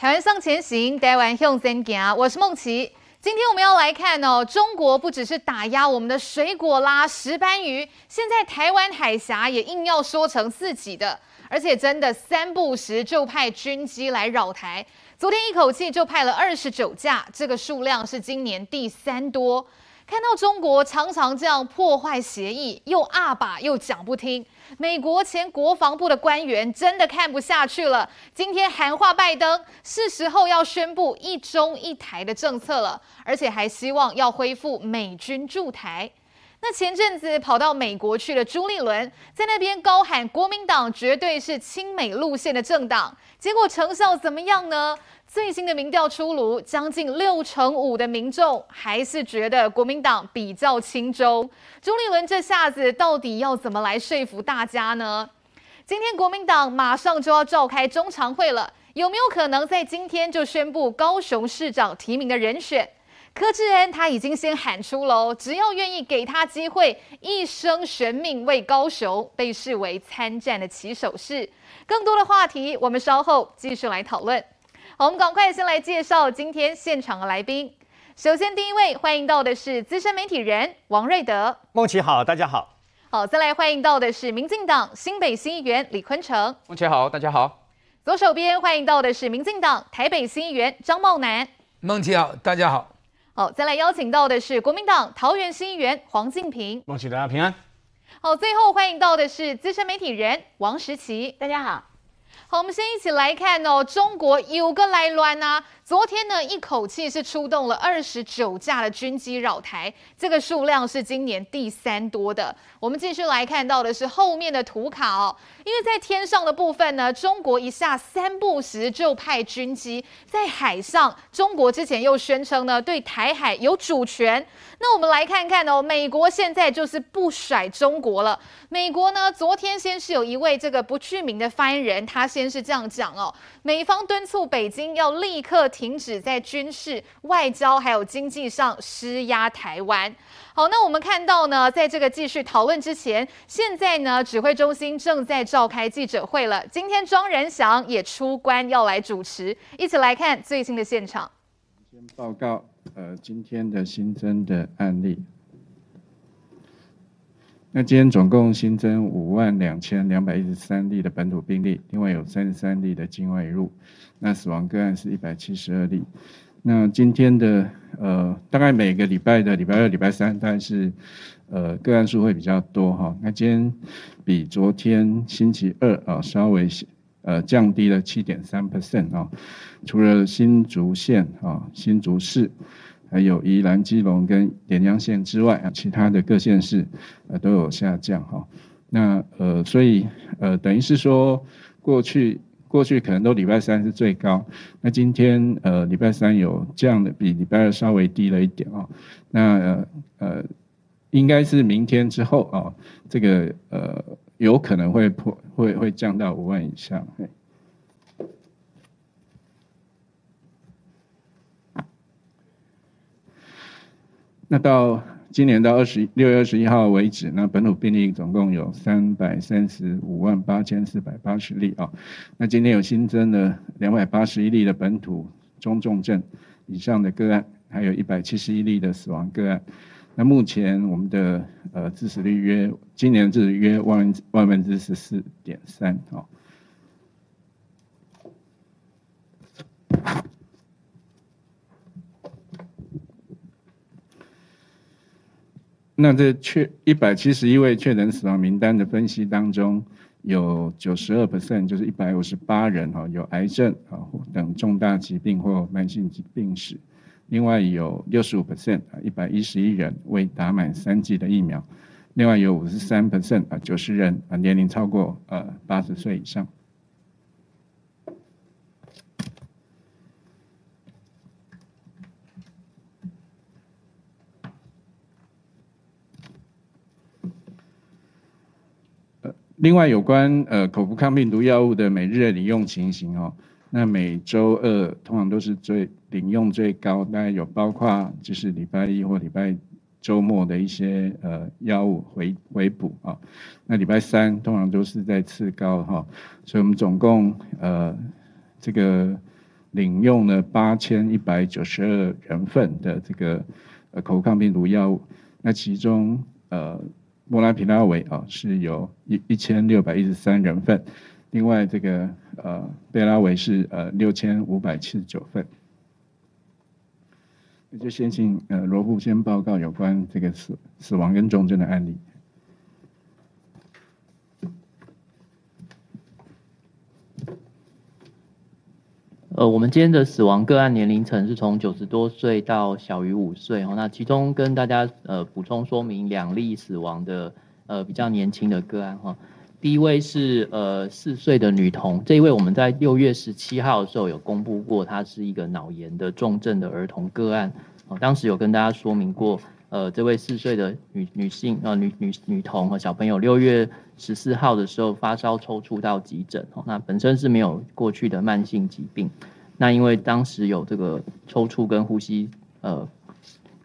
台灣向前行，台灣向前行，我是孟琦。今天我們要來看哦，中國不只是打壓我們的水果啦、石斑魚，現在台灣海峽也硬要說成自己的，而且真的三不時就派軍機來擾台。昨天一口氣就派了二十九架，這個數量是今年第三多。看到中國常常這樣破壞協議，又阿把又講不聽，美國前國防部的官員真的看不下去了。今天喊話拜登，是時候要宣布一中一台的政策了，而且還希望要恢復美軍駐台。那前陣子跑到美國去的朱立倫，在那邊高喊國民黨絕對是親美路線的政黨，結果成效怎麼樣呢？最新的民調出爐，將近六成五的民眾還是覺得國民黨比較親中。朱立倫這下子到底要怎麼來說服大家呢？今天國民黨馬上就要召開中常會了，有沒有可能在今天就宣布高雄市長提名的人選？柯志恩他已經先喊出嘍、哦，只要願意給他機會，一生懸命為高雄，被視為參戰的起手式。更多的話題，我們稍後繼續來討論。好，我們趕快先來介紹今天現場的來賓。首先第一位歡迎到的是資深媒體人王瑞德。孟琦好，大家好。好，再來歡迎到的是民進黨新北市議員李坤城。孟琦好，大家好。左手邊歡迎到的是民進黨台北市議員張茂楠。孟琦好，大家好。好，再來邀請到的是國民黨桃園市議員黃敬平。孟琦大家平安。好，最後歡迎到的是資深媒體人王時齊。大家好。好，我們先一起來看哦，中國有個來亂吶、啊。昨天呢，一口氣是出動了二十九架的軍機繞台，這個數量是今年第三多的。我們繼續來看到的是後面的圖卡哦，因為在天上的部分呢，中國一下三不五時就派軍機在海上。中國之前又宣稱呢，對台海有主權。那我們來看看哦，美國現在就是不甩中國了。美國呢，昨天先是有一位這個不具名的發言人，他是。先是這樣講哦，美方敦促北京要立刻停止在軍事、外交還有經濟上施壓台灣。好，那我們看到呢，在這個繼續討論之前，現在呢，指揮中心正在召開記者會了。今天莊人祥也出關要來主持，一起來看最新的現場。先報告，呃，今天的新增的案例。那今天總共新增五萬兩千兩百一十三例的本土病例，另外有三十三例的境外移入，那死亡個案是一百七十二例。那今天的呃，大概每個禮拜的禮拜二、禮拜三，大概是呃個案數會比較多哈、哦。那今天比昨天星期二啊、哦，稍微呃降低了七點三 percent 啊，除了新竹縣啊、哦、新竹市。還有宜蘭基隆跟連江縣之外啊，其他的各縣市呃都有下降哈、哦。那呃，所以呃，等於是說過去過去可能都禮拜三是最高，那今天呃禮拜三有降的，比禮拜二稍微低了一點哦。那呃,呃應該是明天之後啊、哦，這個呃有可能會破，會會降到五萬以下，對那到今年到二十六月二十一號為止，那本土病例總共有三百三十五萬八千四百八十例啊、哦。那今天有新增的兩百八十一例的本土中重、重症以上的個案，還有一百七十一例的死亡個案。那目前我們的呃致死率約今年是約萬萬分之十四點三啊。那這確一百七十一位確診死亡名單的分析當中有92，有九十二 percent，就是一百五十八人哈，有癌症啊等重大疾病或慢性疾病史。另外有六十五 percent 啊，一百一十一人未打滿三劑的疫苗。另外有五十三 percent 啊，九十人啊，年齡超過呃八十歲以上。另外，有關呃口服抗病毒藥物的每日的領用情形哦，那每周二通常都是最領用最高，當然有包括就是禮拜一或禮拜周末的一些呃藥物回回補啊、哦，那禮拜三通常都是再次高哈、哦，所以我們總共呃這個領用了八千一百九十二人份的這個、呃、口服抗病毒藥物，那其中呃。莫拉皮拉韋啊，是有一一千六百一十三人份，另外這個呃貝拉韋是呃六千五百七十九份，那就先請呃羅布先報告有關這個死死亡跟重症的案例。呃，我們今天的死亡個案年齡層是從九十多歲到小於五歲，那其中跟大家呃補充說明兩例死亡的呃比較年輕的個案哈，第一位是呃四歲的女童，這一位我們在六月十七號的時候有公布過，她是一個腦炎的重症的兒童個案，當時有跟大家說明過。呃，這位四歲的女女性呃，女女女童和小朋友，六月十四號的時候發燒抽搐到急診，哦，那本身是沒有過去的慢性疾病，那因為當時有這個抽搐跟呼吸，呃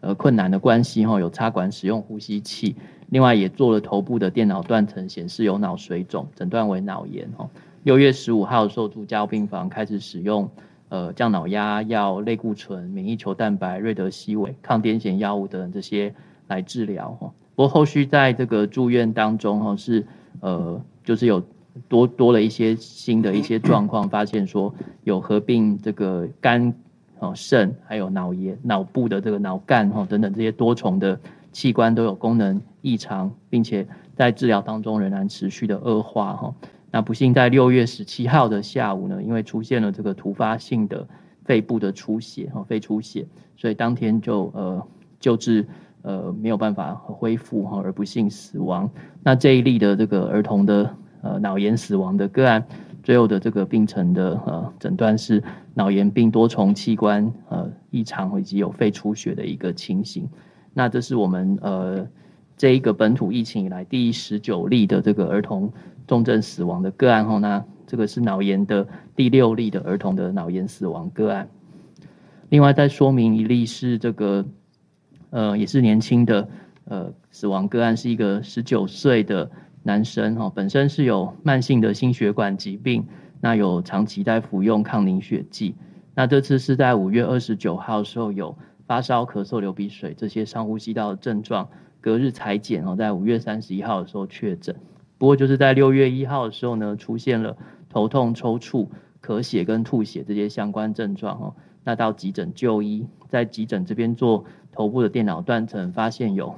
呃困難的關係，哈、哦，有插管使用呼吸器，另外也做了頭部的電腦斷層顯示有腦水腫，診斷為腦炎，哦，六月十五號的時候住加護病房開始使用。呃，降腦壓藥、類固醇、免疫球蛋白、瑞德西韋、抗癲癇藥物等等這些來治療，喔、不過後續在這個住院當中，喔、是呃，就是有多多了一些新的一些狀況，發現說有合併這個肝、哦、喔、腎，還有腦炎、腦部的這個腦幹、喔、等等這些多重的器官都有功能異常，並且在治療當中仍然持續的惡化，喔那不幸在六月十七號的下午呢，因為出現了這個突發性的肺部的出血和肺出血，所以當天就呃救治呃沒有辦法恢復而不幸死亡。那這一例的這個兒童的呃腦炎死亡的個案，最後的這個病程的呃診斷是腦炎並多重器官呃異常以及有肺出血的一個情形。那這是我們呃這一個本土疫情以來第十九例的這個兒童。重症死亡的個案後，那這個是腦炎的第六例的兒童的腦炎死亡個案。另外再說明一例是這個，呃，也是年輕的，呃，死亡個案是一個十九歲的男生哈，本身是有慢性的心血管疾病，那有長期在服用抗凝血劑。那這次是在五月二十九號的時候有發燒、咳嗽、流鼻水這些上呼吸道的症狀，隔日採檢哦，在五月三十一號的時候確診。不過就是在六月一號的時候呢，出現了頭痛、抽搐、咳血跟吐血這些相關症狀哦，那到急診就醫，在急診這邊做頭部的電腦斷層，發現有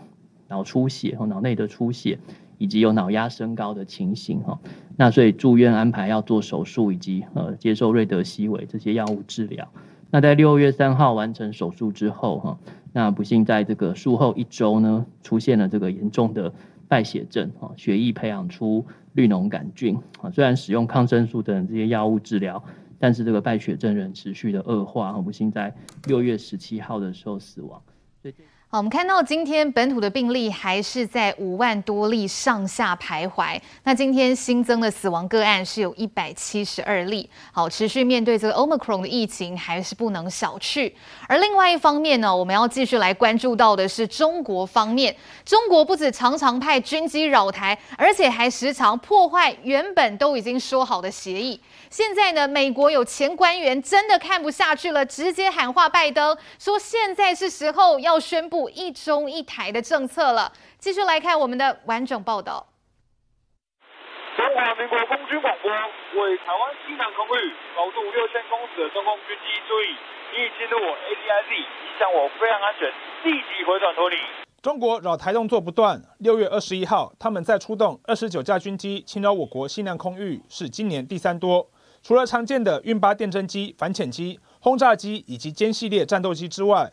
腦出血和腦內的出血，以及有腦壓升高的情形哈、哦。那所以住院安排要做手術，以及呃接受瑞德西韋這些藥物治療。那在六月三號完成手術之後哈、哦，那不幸在這個術後一周呢，出現了這個嚴重的。敗血症啊，血液培養出綠膿桿菌啊，雖然使用抗生素等這些藥物治療，但是這個敗血症仍持續的惡化，很不幸在六月十七號的時候死亡。好，我們看到今天本土的病例還是在五萬多例上下徘徊。那今天新增的死亡個案是有一百七十二例。好，持續面對這個 Omicron 的疫情還是不能小覷。而另外一方面呢，我們要繼續來關注到的是中國方面。中國不止常常派軍機擾台，而且還時常破壞原本都已經說好的協議。現在呢，美國有前官員真的看不下去了，直接喊話拜登，說現在是時候要宣布。一中一台的政策了，繼續來看我們的完整報道。中華民國空軍廣播，為台灣西南空域高度六千公尺的中共軍機注意，你已進入 ADIZ，影響我飛航安全，立即回轉脫離。中國擾台動作不斷，六月二十一號，他們再出動二十九架軍機侵擾我國西南空域，是今年第三多。除了常見的運八電偵機、反潛機、轟炸機以及殲系列戰鬥機之外，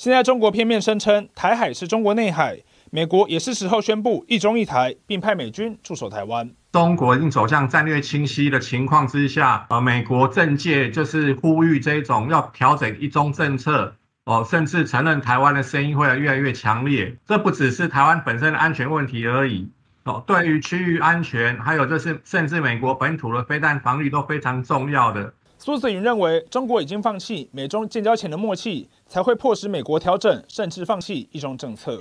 現在中國片面聲稱台海是中國內海，美國也是時候宣布一中一台，並派美軍駐守台灣。中國已經走向戰略清晰的情況之下，呃，美國政界就是呼籲這一種要調整一中政策哦，甚至承認台灣的聲音會越來越強烈。這不只是台灣本身的安全問題而已哦，對於區域安全，還有就是甚至美國本土的飛彈防禦都非常重要的。蘇子雲認為，中國已經放棄美中建交前的默契。才會迫使美國調整，甚至放棄一中政策。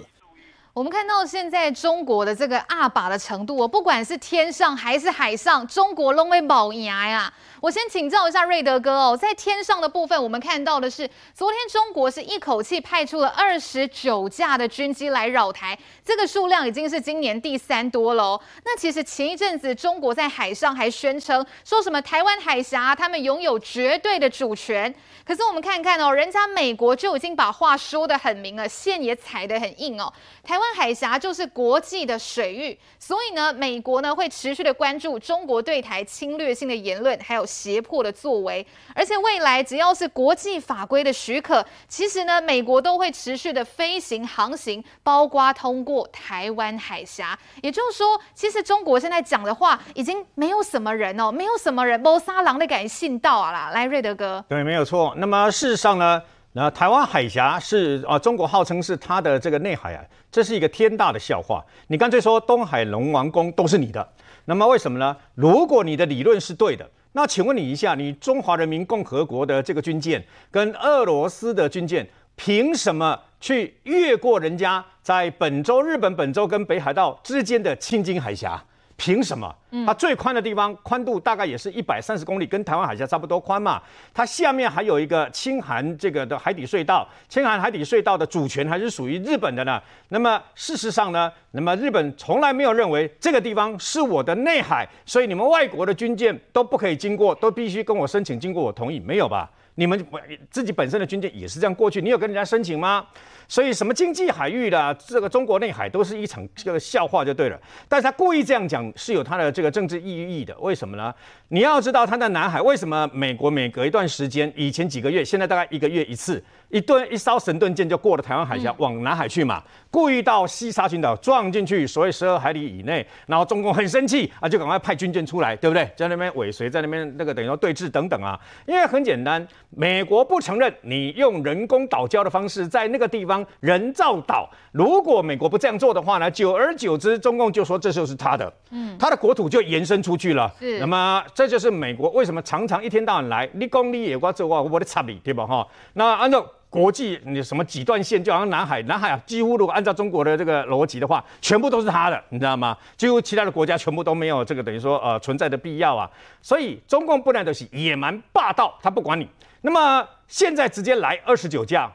我們看到現在中國的這個鴨霸的程度，不管是天上還是海上，中國都會保牙呀。我先請教一下瑞德哥哦，在天上的部分，我們看到的是昨天中國是一口氣派出了二十九架的軍機來擾台，這個數量已經是今年第三多了哦。那其實前一陣子中國在海上還宣稱說什麼台灣海峽他們擁有絕對的主權，可是我們看看哦，人家美國就已經把話說得很明了，線也踩得很硬哦。台灣海峽就是國際的水域，所以呢，美國呢會持續的關注中國對台侵略性的言論，還有。脅迫的作為，而且未來只要是國際法規的許可，其實呢，美國都會持續的飛行、航行，包括通過台灣海峽。也就是說，其實中國現在講的話，已經沒有什麼人哦，沒有什麼人謀沙狼的感信到啊。來，瑞德哥，對，沒有錯。那麼事實上呢，那、呃、台灣海峽是啊、呃，中國號稱是它的這個內海啊，這是一個天大的笑話。你乾脆說東海龍王宮都是你的，那麼為什麼呢？如果你的理論是對的。那請問你一下，你中華人民共和國的這個軍艦跟俄羅斯的軍艦憑什麼去越過人家在本州、日本本州跟北海道之間的青津海峽？憑什麼？它最寬的地方寬度大概也是一百三十公里，跟台灣海峽差不多寬嘛。它下面還有一個青函這個的海底隧道，青函海底隧道的主權還是屬於日本的呢。那麼事實上呢，那麼日本從來沒有認為這個地方是我的內海，所以你們外國的軍艦都不可以經過，都必須跟我申請，經過我同意，沒有吧？你們自己本身的軍艦也是這樣過去，你有跟人家申請嗎？所以什麼經濟海域的，啊、這個中國內海都是一場這個笑話就對了。但是他故意這樣講是有他的這個政治意義的。為什麼呢？你要知道他在南海為什麼美國每隔一段時間，以前幾個月，現在大概一個月一次，一頓一艘神盾艦就過了台灣海峽，嗯、往南海去嘛，故意到西沙群島撞進去，所謂十二海里以內，然後中共很生氣啊，就趕快派軍艦出來，對不對？在那邊尾隨，在那邊那個等於說對峙等等啊。因為很簡單，美國不承認你用人工島礁的方式在那個地方，人造島，如果美國不這樣做的話呢，久而久之，中共就說這就是他的，嗯，他的國土就延伸出去了。嗯、那麼這就是美國為什麼常常一天到晚來你功立野瓜這話我的插你，對吧？哈，那按照國際你什麼幾段線，就好像南海，南海啊，幾乎如果按照中國的這個邏輯的話，全部都是他的，你知道嗎？幾乎其他的國家全部都沒有這個等於說呃存在的必要啊。所以中共本來就是野蠻霸道，他不管你。那麼現在直接來二十九架。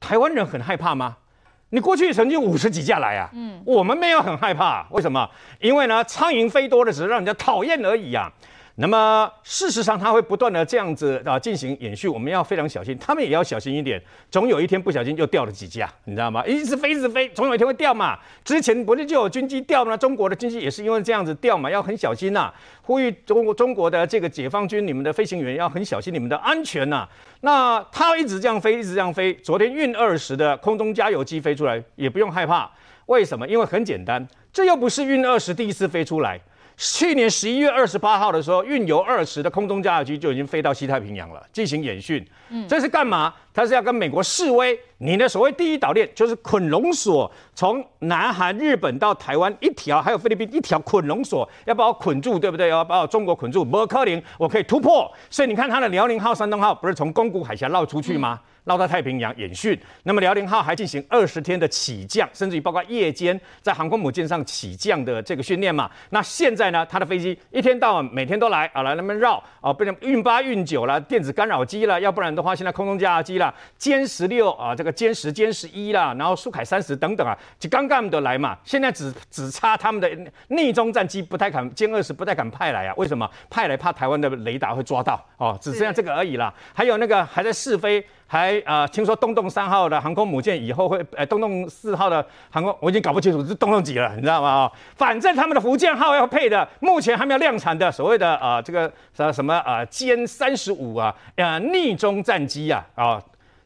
台灣人很害怕嗎？你過去曾經五十幾架來啊，嗯，我們沒有很害怕，為什麼？因為呢，蒼蠅飛多了只是讓人家討厭而已啊。那麼事實上，他會不斷的這樣子啊進行演訓，我們要非常小心，他們也要小心一點。總有一天不小心就掉了幾架，你知道嗎？一直飛，一直飛，總有一天會掉嘛。之前不是就有軍機掉嘛，中國的軍機也是因為這樣子掉嘛，要很小心吶、啊。呼籲中國中國的這個解放軍，你們的飛行員要很小心你們的安全吶、啊。那他一直這樣飛，一直這樣飛。昨天運二十的空中加油機飛出來，也不用害怕。為什麼？因為很簡單，這又不是運二十第一次飛出來。去年十一月二十八號的時候，運油二十的空中加油機就已經飛到西太平洋了，進行演訓。嗯、這是幹嘛？他是要跟美國示威。你的所謂第一島鏈就是捆龍索，從南韓、日本到台灣一條，還有菲律賓一條捆龍索，要把我捆住，對不對？要把我中國捆住。馬科林，我可以突破。所以你看，他的遼寧號、山東號不是從宮古海峽繞出去嗎？嗯到太平洋演訓，那麼遼寧號還進行二十天的起降，甚至於包括夜間在航空母艦上起降的這個訓練嘛？那現在呢？他的飛機一天到晚每天都來啊，來那邊繞啊，變成運八、運九啦，電子干擾機了，要不然的話，現在空中加油機了，殲十六啊，這個殲十、殲十一啦，然後蘇凱三十等等啊，就剛幹的來嘛。現在只只差他們的匿蹤戰機不太敢，殲二十不太敢派來啊？為什麼派來怕台灣的雷達會抓到？哦，只剩下這個而已啦。還有那個還在試飛。還啊、呃，聽說洞洞三號的航空母艦以後會，呃、欸，洞洞四號的航空，我已經搞不清楚是洞洞幾了，你知道嗎、哦？反正他們的福建號要配的，目前還沒有量產的，所謂的啊、呃，這個什麼、呃、殲35啊殲三十五啊，匿蹤戰機啊，啊、呃，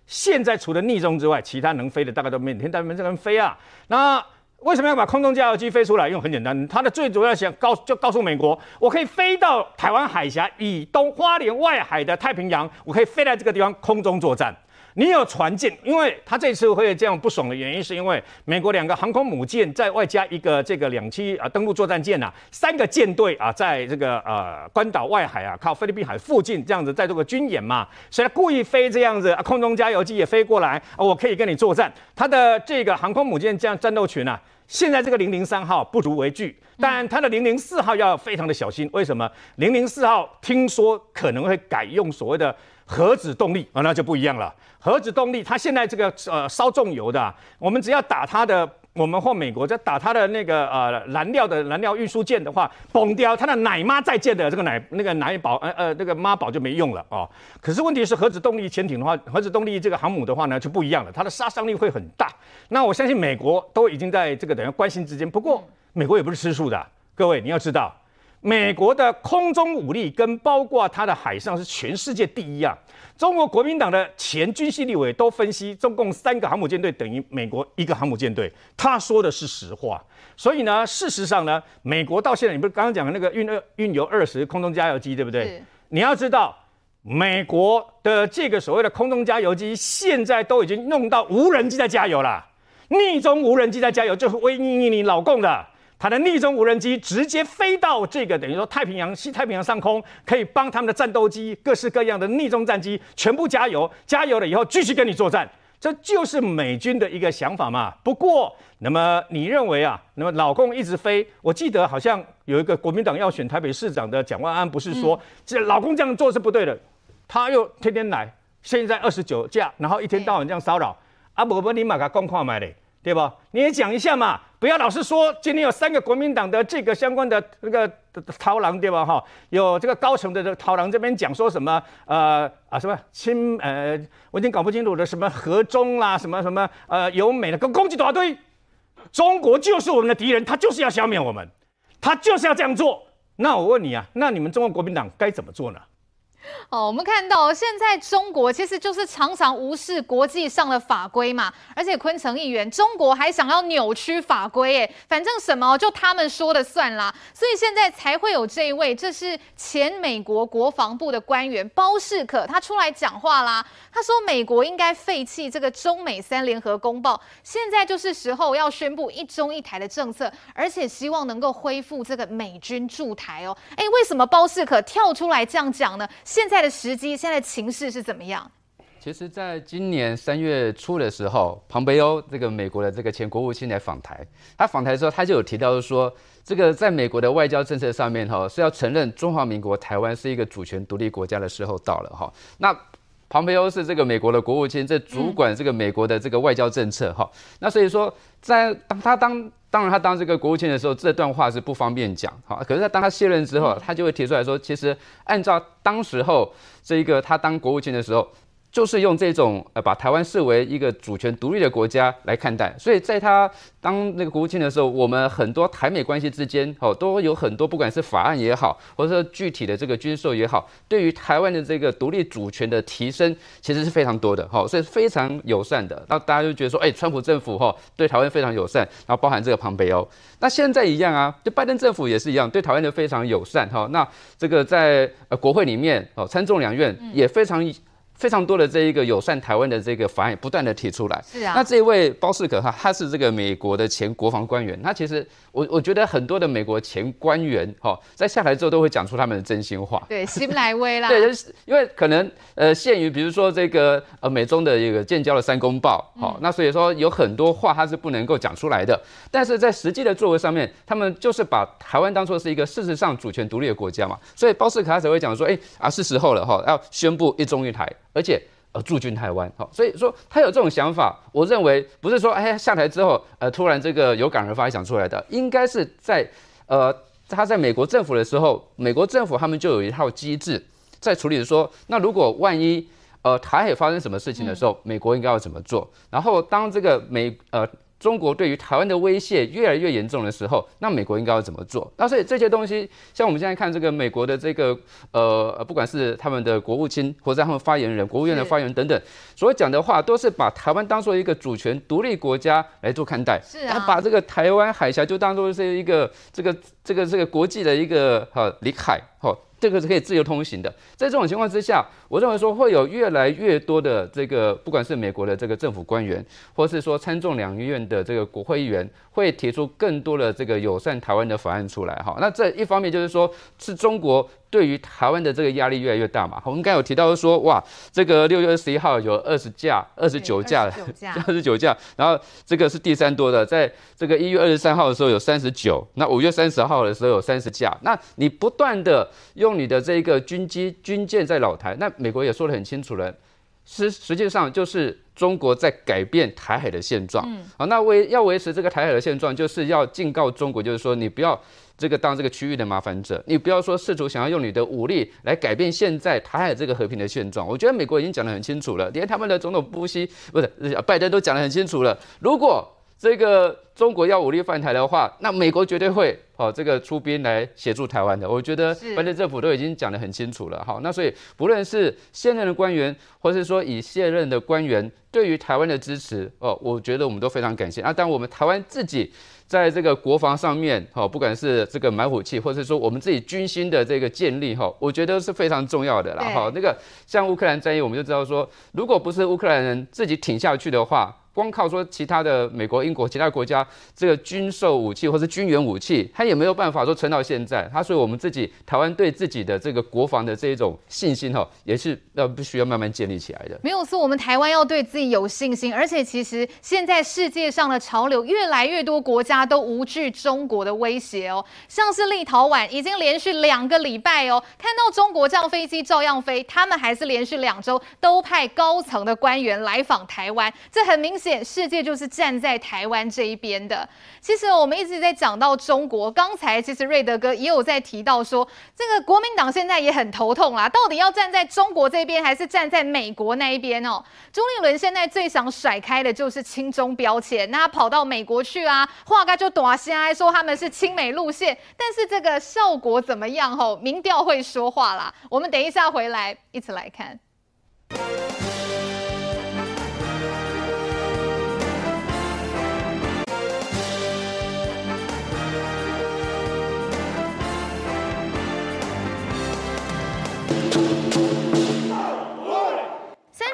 現在除了匿蹤之外，其他能飛的大概都沒有，但他們在那邊飛啊，那。為什麼要把空中加油機飛出來？因為很簡單，它的最主要想告就告訴美國，我可以飛到台灣海峽以東、花蓮外海的太平洋，我可以飛在這個地方空中作戰。你有船艦，因為他這次會這樣不爽的原因，是因為美國兩個航空母艦，在外加一個這個兩棲啊、呃、登陸作戰艦吶、啊，三個艦隊啊，在這個呃關島外海啊，靠菲律賓海附近這樣子在做個軍演嘛，所以故意飛這樣子、啊，空中加油機也飛過來、啊，我可以跟你作戰。它的這個航空母艦這樣戰鬥群啊。現在這個零零三號不足為懼，但它的零零四號要非常的小心。為什麼？零零四號聽說可能會改用所謂的核子動力，啊，那就不一樣了。核子動力，它現在這個呃燒重油的，我們只要打它的。我們或美國在打它的那個呃燃料，的燃料運輸艦的話崩掉，它的奶媽在建的這個奶那個奶寶呃呃那個媽寶就沒用了啊、哦。可是問題是核子動力潛艇的話，核子動力這個航母的話呢就不一樣了，它的殺傷力會很大。那我相信美國都已經在這個等於關心之間，不過美國也不是吃素的，各位你要知道。美國的空中武力跟包括它的海上是全世界第一啊！中國國民黨的前軍事立委都分析，中共三個航母艦隊等於美國一個航母艦隊。他說的是實話，所以呢，事實上呢，美國到現在，你不是剛剛講的那個運二運油二十空中加油機對不對？是 你要知道，美國的這個所謂的空中加油機，現在都已經弄到無人機在加油了，逆中無人機在加油就是威逆你老共的。他的匿蹤無人機直接飛到這個，等於說太平洋西太平洋上空，可以幫他們的戰鬥機、各式各樣的匿蹤戰機全部加油，加油了以後繼續跟你作戰，這就是美軍的一個想法嘛。不過，那麼你認為啊？那麼老共一直飛，我記得好像有一個國民黨要選台北市長的蔣萬安，不是說這、嗯、老共這樣做是不對的，他又天天來，現在二十九架，然後一天到晚這樣騷擾，欸、啊不，不不，你馬甲共看買的對吧？你也講一下嘛，不要老是說今天有三個國民黨的這個相關的那個操浪，對吧？哈，有這個高層的這個操浪這邊講說什麼？呃啊什麼親？呃，我已經搞不清楚了，什麼和中啦，什麼什麼？呃，有美那跟攻擊團隊，中國就是我們的敵人，他就是要消滅我們，他就是要這樣做。那我問你啊，那你們中國國民黨該怎麼做呢？好，我們看到現在中國其實就是常常無視國際上的法規嘛，而且坤城議員，中國還想要扭曲法規，哎，反正什麼就他們說的算啦，所以現在才會有這一位，這是前美國國防部的官員包士可，他出來講話啦，他說美國應該廢棄這個中美三聯合公報，現在就是時候要宣布一中一台的政策，而且希望能夠恢復這個美軍駐台哦、喔，哎、欸，為什麼包士可跳出來這樣講呢？現在的時機，現在的情勢是怎麼樣？其實，在今年三月初的時候，龐培歐這個美國的這個前國務卿來訪台，他訪台的時候，他就有提到說，這個在美國的外交政策上面，哈是要承認中華民國台灣是一個主權獨立國家的時候到了，哈那。龐培歐是這個美國的國務卿，在主管這個美國的這個外交政策哈。嗯、那所以說，在他當當然他當這個國務卿的時候，這段話是不方便講哈，可是他當他卸任之後，他就會提出來說，其實按照當時候這個他當國務卿的時候。就是用這種呃，把台灣視為一個主權獨立的國家來看待，所以在他當那個國務卿的時候，我們很多台美關係之間哦，都有很多不管是法案也好，或者說具體的這個軍售也好，對於台灣的這個獨立主權的提升，其實是非常多的，所以非常友善的。那大家就覺得說，哎，川普政府哈對台灣非常友善，然後包含這個龐培歐，那現在一樣啊，就拜登政府也是一樣，對台灣的非常友善哈。那這個在國會裡面哦，參眾兩院也非常。非常多的這一個友善台灣的這個法案不斷的提出來，是啊。那這一位包士可哈，他是這個美國的前國防官員，他其實我我覺得很多的美國前官員哈，在下來之後都會講出他們的真心話，對，心來威啦。 對，因為可能呃，限於比如說這個呃美中的一個建交的三公報，好，那所以說有很多話他是不能夠講出來的，但是在實際的作為上面，他們就是把台灣當做是一個事實上主權獨立的國家嘛，所以包士可他才會講說，哎、欸、啊是時候了哈，要宣布一中一台。而且，呃，駐軍台灣，好，所以說他有這種想法，我認為不是說，哎，下台之後，呃，突然這個有感而發想出來的，應該是在，呃，他在美國政府的時候，美國政府他們就有一套機制在處理，說，那如果萬一，呃，台海發生什麼事情的時候，美國應該要怎麼做？然後當這個美，呃。中國對於台灣的威脅越來越嚴重的時候，那美國應該要怎麼做？那所以這些東西，像我們現在看這個美國的這個呃，不管是他們的國務卿或者是他們發言人、國務院的發言人等等，是所以講的話都是把台灣當做一個主權獨立國家來做看待，是啊，啊，把這個台灣海峽就當做是一個這個這個這個國際的一個呃領海。哦，這個是可以自由通行的。在這種情況之下，我認為說會有越來越多的這個，不管是美國的這個政府官員，或是說參眾兩院的這個國會議員，會提出更多的這個友善台灣的法案出來。哈，哦，那這一方面就是說是中國。對於台灣的這個壓力越來越大嘛，我們剛才有提到說，哇，這個六月二十一號有二十架、二十九架、二十九架，然後這個是第三多的，在這個一月二十三號的時候有三十九，那五月三十號的時候有三十架，那你不斷的用你的這個軍機、軍艦在擾台，那美國也說得很清楚了，實實際上就是。中國在改變台海的現狀，嗯，好，那為要維持這個台海的現狀，就是要警告中國，就是說你不要這個當這個區域的麻煩者，你不要說試圖想要用你的武力來改變現在台海這個和平的現狀。我覺得美國已經講得很清楚了，連他們的總統布希不是拜登都講得很清楚了，如果。這個中國要武力犯台的話，那美國絕對會哦，這個出兵來協助台灣的。我覺得，反正政府都已經講得很清楚了，哈是。那所以，不論是現任的官員，或是說以現任的官員，對於台灣的支持，哦，我覺得我們都非常感謝。啊，但我們台灣自己在這個國防上面，哈、哦，不管是這個買武器，或是說我們自己軍心的這個建立，哈、哦，我覺得是非常重要的啦。哈對、哦，那個像烏克蘭戰役，我們就知道說，如果不是烏克蘭人自己挺下去的話，光靠說其他的美國、英國其他國家這個軍售武器或是軍援武器，他也沒有辦法說撐到現在。他所以我們自己台灣對自己的這個國防的這一種信心哈，也是要必須要慢慢建立起來的。沒有說我們台灣要對自己有信心，而且其實現在世界上的潮流，越來越多國家都無懼中國的威脅哦。像是立陶宛已經連續兩個禮拜哦，看到中國這樣飛機照樣飛，他們還是連續兩週都派高層的官員來訪台灣，這很明顯。世界就是站在台灣這一邊的。其實我們一直在講到中國，剛才其實瑞德哥也有在提到說，這個國民黨現在也很頭痛啦，到底要站在中國這邊還是站在美國那一邊哦、喔？朱立倫現在最想甩開的就是親中標籤，那跑到美國去啊，話該就躲先挨說他們是親美路線，但是這個效果怎麼樣？吼，民調會說話啦，我們等一下回來一起來看。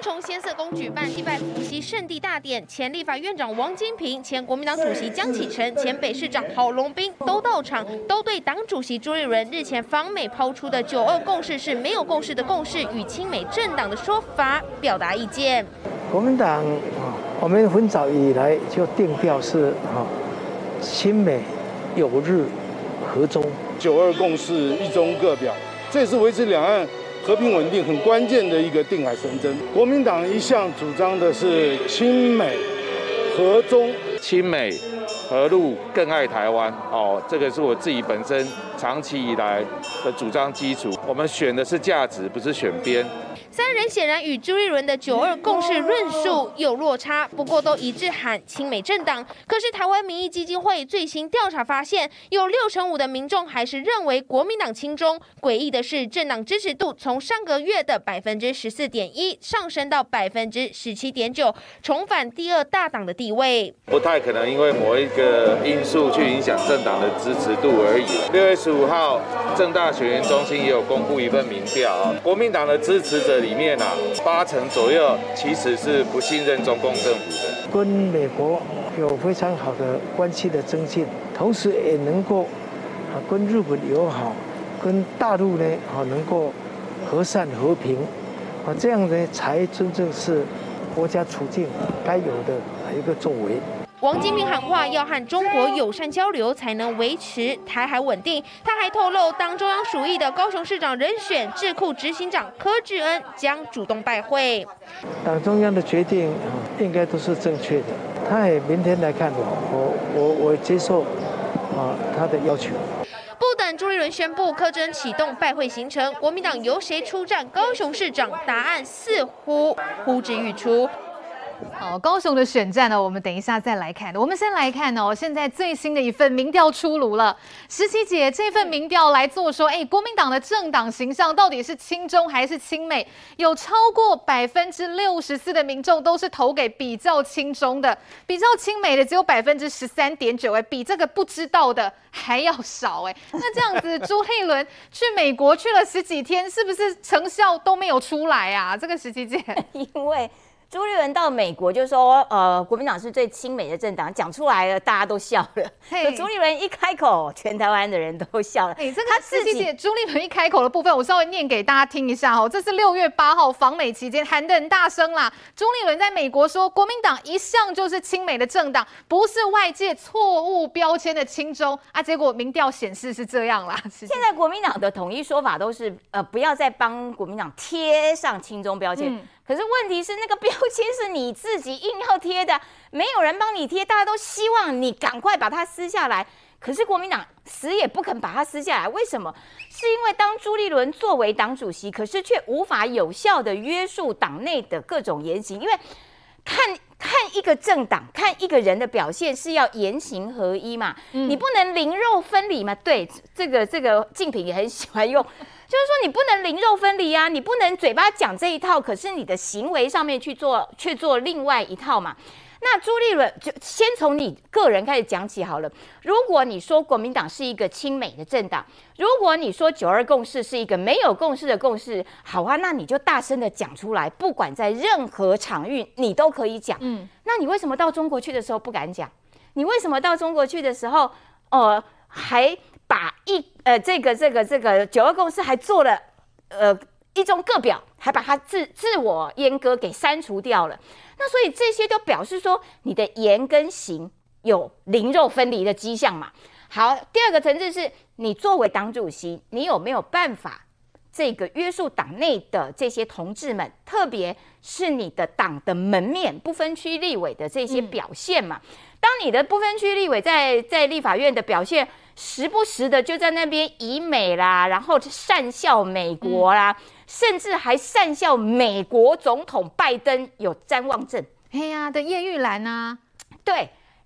從先嗇宮舉辦祭拜伏羲聖地大典，前立法院長王金平、前國民黨主席江啟臣、前北市長郝龍斌都到場，都對黨主席朱立倫日前訪美拋出的“九二共識”是沒有共識的共識與親美政黨的說法表達意見。國民黨啊，我們很早以來就定調是啊，親美、友日、和中。九二共識一中各表，這也是維持兩岸和平穩定很關鍵的一個定海神針。國民黨一向主張的是親美、和中、親美、和陸，更愛台灣。哦，這個是我自己本身長期以來的主張基礎。我們選的是價值，不是選邊。三人顯然與朱立倫的“九二共識”論述有落差，不過都一致喊親美政黨。可是，台灣民意基金會最新調查發現，有六成五的民眾還是認為國民黨親中。詭異的是，政黨支持度從上個月的百分之十四點一上升到百分之十七點九，重返第二大黨的地位。不太可能因為某一個因素去影響政黨的支持度而已。六月十五號，政大學員中心也有公布一份民調啊，國民黨的支持者裡。裡面啊，八成左右其實是不信任中共政府的。跟美國有非常好的關係的增進，同時也能夠跟日本友好，跟大陸呢能夠和善和平，啊這樣呢才真正是國家處境該有的一個作為。王金平喊話，要和中國友善交流，才能維持台海穩定。他還透露，黨中央屬意的高雄市長人選智庫執行長柯志恩將主動拜會。黨中央的決定應該都是正確的，他也明天來看我，我我我接受啊他的要求。不等朱立倫宣布柯志恩啟動拜會行程，國民黨由誰出戰高雄市長？答案似乎呼，呼之欲出。好，高雄的選戰呢，我們等一下再來看。我們先來看哦，現在最新的一份民調出爐了。時齊姐，這份民調來做說：哎、欸，國民黨的政黨形象到底是親中還是親美？有超過百分之六十四的民眾都是投給比較親中的，比較親美的只有百分之十三點九，誒、欸，比這個不知道的還要少、欸，哎。那這樣子，朱立倫去美國去了十幾天，是不是成效都沒有出來啊？這個時齊姐， 因為。朱立倫到美國就說：“呃，國民黨是最親美的政黨。”講出來了，大家都笑了。嘿，Hey, 朱立倫一開口，全台灣的人都笑了。哎，這個他自己。朱立倫一開口的部分，我稍微念給大家聽一下哦。這是六月八號訪美期間喊得很大聲啦。朱立倫在美國說：“國民黨一向就是親美的政黨，不是外界錯誤標籤的親中啊。”結果民調顯示是這樣啦。現在國民黨的統一說法都是：呃，不要再幫國民黨貼上親中標籤。嗯。可是問題是，那個標籤是你自己硬要貼的，沒有人幫你貼，大家都希望你趕快把它撕下來。可是國民黨死也不肯把它撕下來，為什麼？是因為當朱立倫作為黨主席，可是卻無法有效的約束黨內的各種言行。因為看看一個政黨，看一個人的表現是要言行合一嘛，嗯、你不能靈肉分離嘛。對，這個這個敬平也很喜歡用。就是說，你不能靈肉分離啊，你不能嘴巴講這一套，可是你的行為上面去做，去做另外一套嘛。那朱立倫就先從你個人開始講起好了。如果你說國民黨是一個親美的政黨，如果你說九二共識是一個沒有共識的共識，好啊，那你就大聲的講出來，不管在任何場域，你都可以講。嗯，那你為什麼到中國去的時候不敢講？你為什麼到中國去的時候，哦、呃，還？把一呃、這個這個這個九二共識還做了呃、一中各表，還把它自、自我閹割給刪除掉了。那所以這些都表示說你的言跟行有靈肉分離的跡象嘛。好，第二個層次是你作為黨主席，你有沒有辦法這個約束黨內的這些同志們，特別是你的黨的門面，不分區立委的這些表現嘛？嗯當你的不分區立委在在立法院的表現，時不時的就在那邊疑美啦，然後訕笑美國啦，嗯、甚至還訕笑美國總統拜登有譫妄症，哎呀、啊、的葉毓蘭呢、啊、對，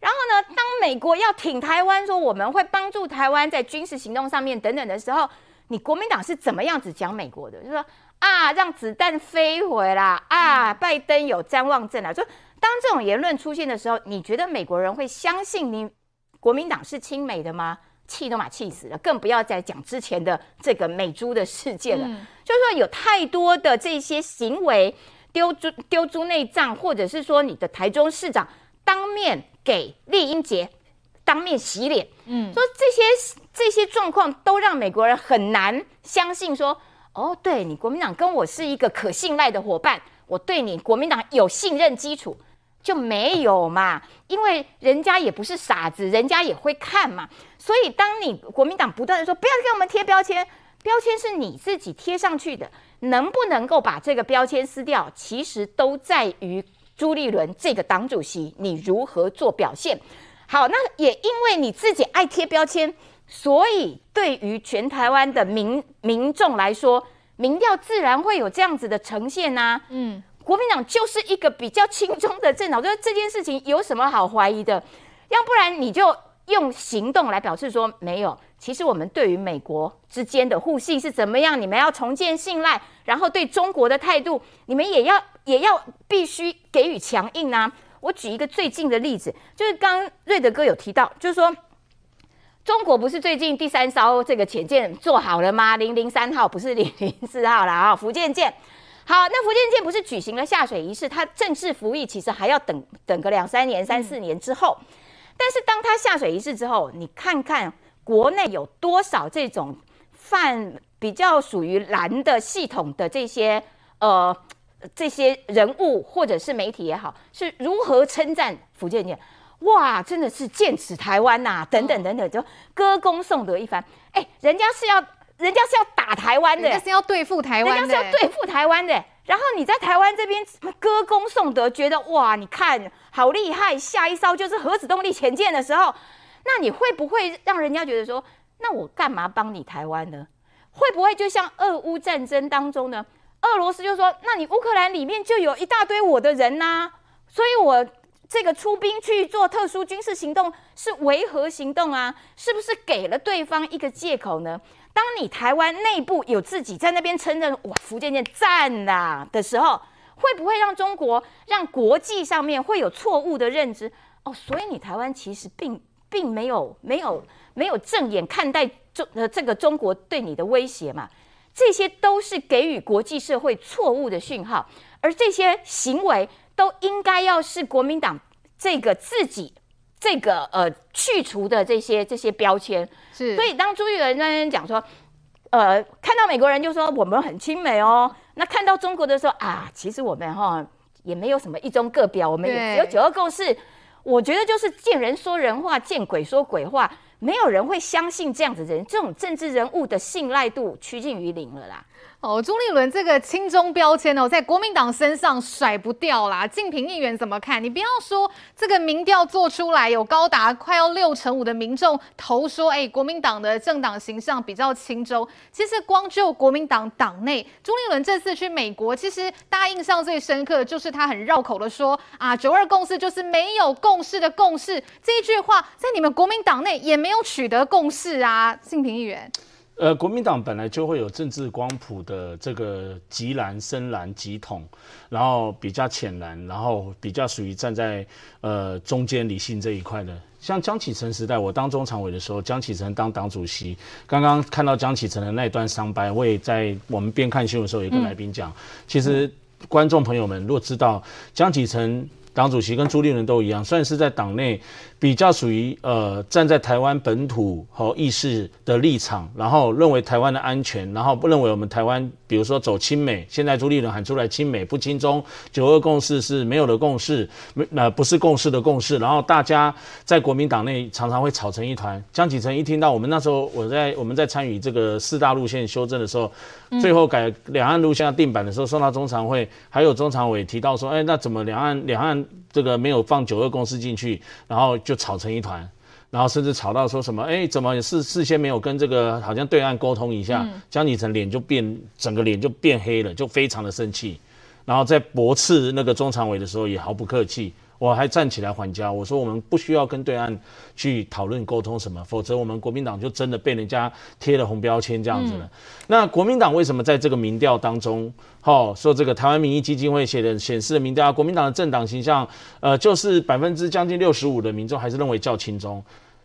然後呢，當美國要挺台灣，說我們會幫助台灣在軍事行動上面等等的時候，你國民黨是怎麼樣子講美國的？就是、說啊，讓子彈飛回啦，啊，嗯、拜登有譫妄症啦，說當這種言論出現的時候，你覺得美國人會相信你國民黨是親美的嗎？氣都嘛氣死了，更不要再講之前的這個美豬的事件了。嗯、就是說，有太多的這些行為丟豬丟豬內臟，或者是說你的台中市長當面給酈英傑當面洗臉，嗯，說這些這些狀況都讓美國人很難相信說，哦，對你國民黨跟我是一個可信賴的伙伴，我對你國民黨有信任基礎。就沒有嘛，因為人家也不是傻子，人家也會看嘛。所以，當你國民黨不斷的說不要給我們貼標籤，標籤是你自己貼上去的，能不能夠把這個標籤撕掉，其實都在於朱立倫這個黨主席你如何做表現。好，那也因為你自己愛貼標籤，所以對於全台灣的民民眾來說，民調自然會有這樣子的呈現啊。嗯。國民黨就是一個比較親中的政黨，就是這件事情有什麼好懷疑的？要不然你就用行動來表示說沒有。其實我們對於美國之間的互信是怎麼樣？你們要重建信賴，然後對中國的態度，你們也要也要必須給予強硬呢、啊，我舉一個最近的例子，就是剛，剛瑞德哥有提到，就是說中國不是最近第三艘這個潛艦做好了嗎？零零三號不是零零四號了啊，福建艦。好，那福建艦不是舉行了下水儀式，它正式服役其實還要等等個兩三年、三四年之後。嗯、但是當它下水儀式之後，你看看國內有多少這種泛比較屬於藍的系統的這些呃這些人物或者是媒體也好，是如何稱讚福建艦？哇，真的是劍指台灣吶、啊，等等等等，就歌功頌德一番。哎、欸，人家是要。人家是要打台灣的，是要對付台灣的，人家是要對付台灣的、欸。然後你在台灣這邊歌功頌德，覺得哇，你看好厲害，下一艘就是核子動力潛艦的時候，那你會不會讓人家覺得說，那我幹嘛幫你台灣呢？會不會就像俄烏戰爭當中呢，俄羅斯就說，那你烏克蘭裡面就有一大堆我的人吶、啊，所以我這個出兵去做特殊軍事行動是維和行動啊，是不是給了對方一個借口呢？當你台灣內部有自己在那邊稱讚，哇，福建艦讚吶的時候，會不會讓中國、讓國際上面會有錯誤的認知？哦，所以你台灣其實並並沒有、沒有、沒有正眼看待中呃這個中國對你的威脅嘛？這些都是給予國際社會錯誤的訊號，而這些行為都應該要是國民黨這個自己。這個呃，去除的這些這些標籤，是。所以當朱立倫那邊講說，呃，看到美國人就說我們很親美哦，那看到中國的時候啊，其實我們哈、哦、也沒有什麼一中各表，我們也只有九二共識。對我覺得就是見人說人話，見鬼說鬼話，沒有人會相信這樣子人，這種政治人物的信賴度趨近於零了啦。哦，朱立倫這個親中標籤哦，在國民黨身上甩不掉啦。敬平議員怎麼看？你不要說這個民調做出來有高達快要六成五的民眾投說，哎、欸，國民黨的政黨形象比較親中。其實光就國民黨黨內，朱立倫這次去美國，其實大家印象最深刻就是他很繞口的說啊，“九二共識就是沒有共識的共識”這一句話，在你們國民黨內也沒有取得共識啊，敬平議員。呃，國民黨本來就會有政治光譜的這個極藍、深藍、極統，然後比較淺藍，然後比較屬於站在呃中間理性這一塊的。像江啟臣時代，我當中常委的時候，江啟臣當黨主席。剛剛看到江啟臣的那一段上班，我也在我們邊看新聞的時候有一個來賓講，嗯、其實觀眾朋友們若知道江啟臣黨主席跟朱立倫都一樣，算是在黨內。比較屬於呃站在台灣本土和意識的立場，然後認為台灣的安全，然後不認為我們台灣，比如說走親美，現在朱立倫喊出來親美不親中，九二共識是沒有的共識，那、呃、不是共識的共識，然後大家在國民黨內常常會吵成一團。江啟臣一聽到我們那時候我在我們在參與這個四大路線修正的時候，最後改兩岸路線要定版的時候，送到中常會，還有中常委提到說，哎、欸，那怎麼兩岸兩岸？兩岸這個沒有放九二共識進去，然後就吵成一團，然後甚至吵到說什麼，哎，怎麼事事先沒有跟這個好像對岸溝通一下，嗯、江啟臣臉就變，整個臉就變黑了，就非常的生氣，然後在駁斥那個中常委的時候也毫不客氣。我還站起來還價，我說我們不需要跟對岸去討論溝通什麼，否則我們國民黨就真的被人家貼了紅標籤這樣子了。嗯、那國民黨為什麼在這個民調當中，哈、哦，說這個台灣民意基金會寫的顯示的民調國民黨的政黨形象，呃，就是百分之將近六十五的民眾還是認為較親中。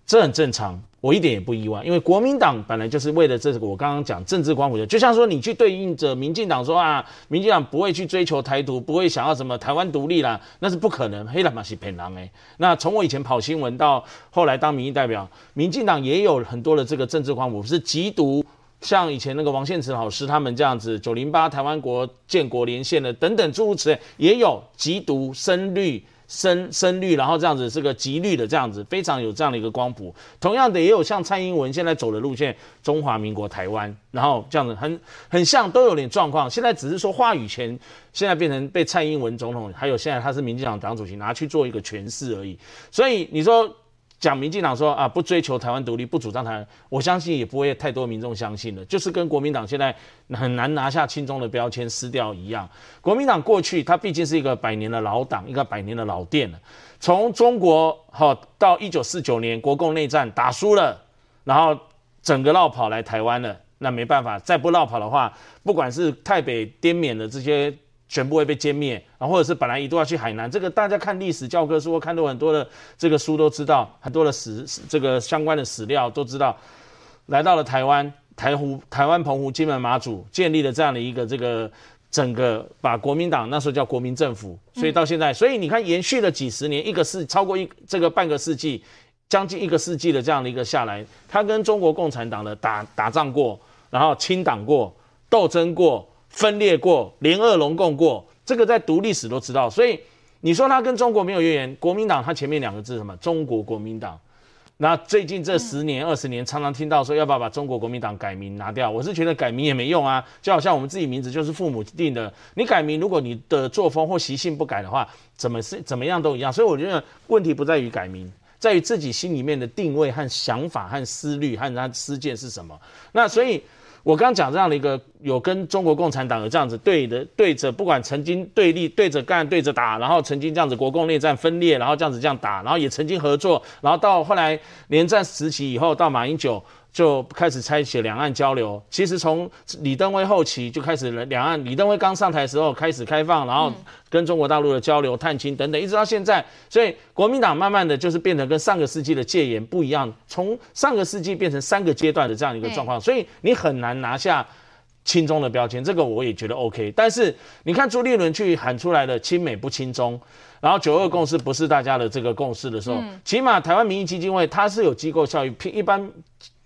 這很正常，我一點也不意外，因為國民黨本來就是為了這個。我剛剛講政治光譜的，就像說你去對應着民進黨說啊，民進黨不會去追求台獨，不會想要什麼台灣獨立啦，那是不可能。黑的嘛是騙人哎。那從我以前跑新聞到後來當民意代表，民進黨也有很多的這個政治光譜，是極獨，像以前那個王獻極老師他們這樣子，九零八台灣國建國連線的等等諸如此類，也有極獨深綠。深深綠，然後這樣子是個極綠的這樣子，非常有這樣的一個光譜。同樣的，也有像蔡英文現在走的路線，中華民國台灣，然後這樣子很很像，都有點狀況。現在只是說話語權，現在變成被蔡英文總統，還有現在他是民進黨黨主席拿去做一個詮釋而已。所以你說。講民進黨說啊，不追求台灣獨立，不主張台灣，我相信也不會太多民眾相信了。就是跟國民黨現在很難拿下「親中」的標籤撕掉一樣。國民黨過去它畢竟是一個百年的老黨，一個百年的老店，從中國到一九四九年國共內戰打輸了，然後整個落跑來台灣了。那沒辦法，再不落跑的話，不管是泰北、滇緬的這些。全部會被殲滅啊，或者是本來一度要去海南，這個大家看歷史教科書，看到很多的這個書都知道，很多的史，史這個相關的史料都知道，來到了台灣、台湖、台灣澎湖、金門、馬祖，建立了這樣的一個這個整個把國民黨那時候叫國民政府，所以到現在，嗯、所以你看延續了幾十年一個世，超過一個這個半個世紀，將近一個世紀的這樣的一個下來，他跟中國共產黨的打打仗過，然後清黨過，鬥爭過。分裂過，聯俄容共過，這個在讀歷史都知道。所以你說他跟中國沒有淵源，國民黨他前面兩個字是什麼？中國國民黨。那最近這十年二十年，常常聽到說要不要把中國國民黨改名拿掉？我是覺得改名也沒用啊，就好像我們自己名字就是父母定的，你改名，如果你的作風或習性不改的話，怎麼是怎麼樣都一樣。所以我覺得問題不在於改名，在於自己心裡面的定位和想法和思慮和他世界是什麼。那所以。我剛講這樣的一個有跟中國共產黨有這樣子對的對着，不管曾經對立對着幹、對着打，然後曾經這樣子國共內戰分裂，然後這樣子這樣打，然後也曾經合作，然後到後來連戰時期以後，到馬英九。就開始拆起了兩岸交流。其實從李登輝後期就開始了兩岸。李登輝剛上台的時候開始開放，然後跟中國大陸的交流、探親等等，一直到現在。所以國民黨慢慢的就是變得跟上個世紀的戒嚴不一樣，從上個世紀變成三個階段的這樣一個狀況。所以你很難拿下親中”的標籤，這個我也覺得 OK。但是你看朱立倫去喊出來的“親美不親中”，然後“九二共識”不是大家的這個共識的時候，起碼台灣民意基金會它是有機構效益，一般。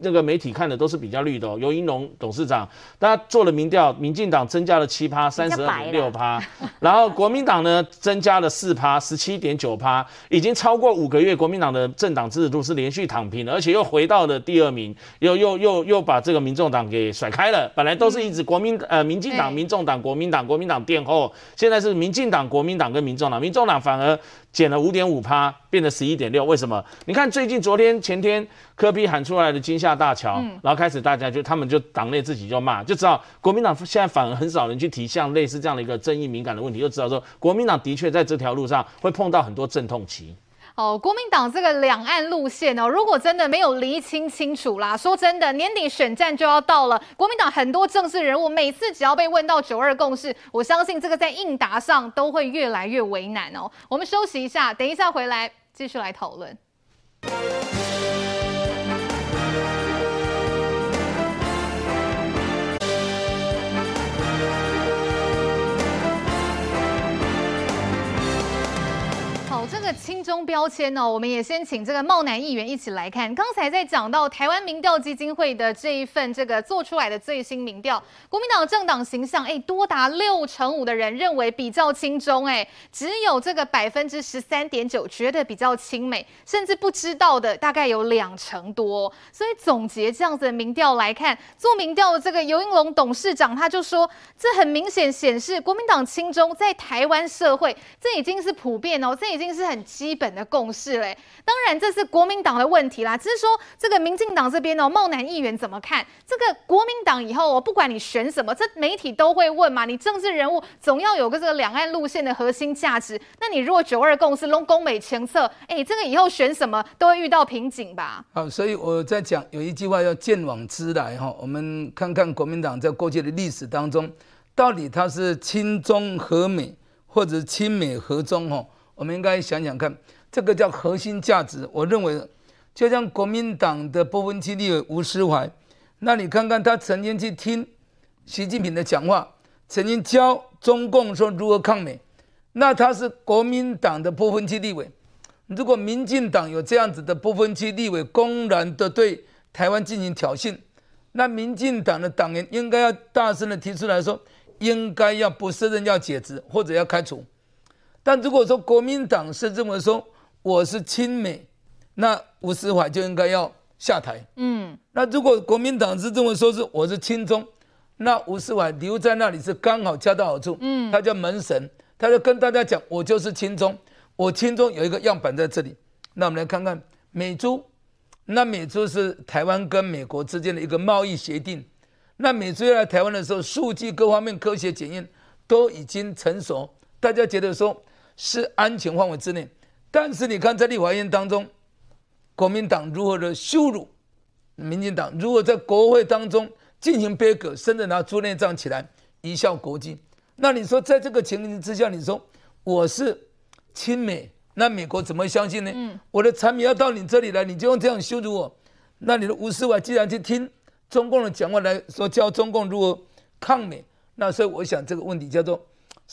這個媒體看的都是比較綠的、哦，游盈隆董事長，他做了民調，民進黨增加了七趴，三十二點六趴， 然後國民黨呢增加了四趴，十七點九趴，已經超過五個月，國民黨的政黨支持度是連續躺平而且又回到了第二名，又又又又把這個民眾黨給甩開了。本來都是一直國民呃民進黨、民眾黨、國民黨、國民黨殿後，現在是民進黨、國民黨跟民眾黨，民眾黨反而。減了五點五趴，變得十一點六。為什麼？你看最近昨天前天，柯 P 喊出來的金廈大橋，然後開始大家就他們就黨內自己就罵，就知道國民黨現在反而很少人去提像類似這樣的一個爭議敏感的問題，就知道說國民黨的確在這條路上會碰到很多陣痛期。哦，國民黨這個兩岸路線哦，如果真的沒有釐清清楚啦，說真的，年底選戰就要到了，國民黨很多政治人物每次只要被問到九二共識，我相信這個在應答上都會越來越為難哦。我們休息一下，等一下回來繼續來討論。這個親中標籤呢，哦，我們也先請這個茂楠議員一起來看。剛才在講到台灣民調基金會的這一份這個做出來的最新民調，國民黨政黨形象，哎，多達六成五的人認為比較親中，哎，只有這個百分之十三點九覺得比較親美，甚至不知道的大概有兩成多，哦。所以總結這樣子的民調來看，做民調的這個游盈隆董事長他就說，這很明顯顯示國民黨親中在台灣社會，這已經是普遍哦，這已經是。是很基本的共識嘞，當然這是國民黨的問題啦。只是說這個民進黨這邊哦，茂楠議員怎麼看這個國民黨以後哦，不管你選什麼，這媒體都會問嘛。你政治人物總要有個這個兩岸路線的核心價值。那你如果九二共識、攏攻美前策，哎，這個以後選什麼都會遇到瓶頸吧。好，所以我在講有一句話要鑑往知來哈，我們看看國民黨在過去的歷史當中，到底它是親中和美，或者親美和中哈？我們應該想想看，這個叫核心價值。我認為，就像國民黨的不分區立委吳斯懷，那你看看他曾經去聽習近平的講話，曾經教中共說如何抗美。那他是國民黨的不分區立委。如果民進黨有這樣子的不分區立委，公然的對台灣進行挑釁，那民進黨的黨員應該要大聲的提出來說，應該要不適任，要解職，或者要開除。但如果說國民黨是這麼說，我是親美，那吳斯懷就應該要下台。嗯，那如果國民黨是這麼說，是我是親中，那吳斯懷留在那裡是剛好恰到好處。嗯，他叫門神，他就跟大家講，我就是親中，我親中有一個樣板在這裡。那我們來看看美豬，那美豬是台灣跟美國之間的一個貿易協定。那美豬要來台灣的時候，數據各方面科學檢驗都已經成熟，大家覺得說。是安全範圍之內，但是你看在立法院當中，國民黨如何的羞辱，民進黨如何在國會當中進行杯葛，甚至拿豬內臟站起來貽笑國際。那你說在這個情形之下，你說我是親美，那美國怎麼相信呢？嗯、我的產品要到你這裡來，你就用這樣羞辱我，那你的吳斯懷既然去聽中共的講話來說教中共如何抗美，那所以我想這個問題叫做。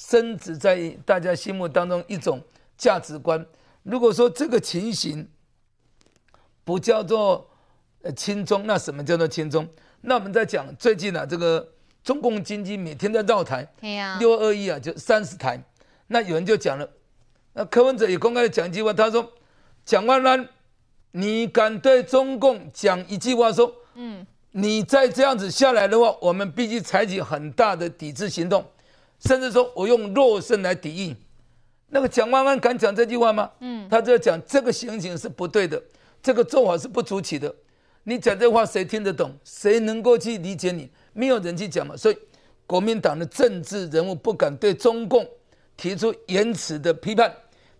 深植在大家心目當中一種價值觀。如果說這個情形不叫做親中，那什麼叫做親中？那我們在講最近啊，這個中共軍機每天在繞台，六二一啊，就三十台。那有人就講了，那柯文哲也公開講一句話，他說：“蔣萬安，你敢對中共講一句話說，嗯，你再這樣子下來的話，我們必須採取很大的抵制行動。”甚至說我用肉身來抵禦，那個蔣萬安敢講這句話嗎？嗯，他就要講這個行徑是不對的，這個做法是不足取的。你講這話誰聽得懂？誰能夠去理解你？沒有人去講嘛。所以，國民黨的政治人物不敢對中共提出嚴詞的批判，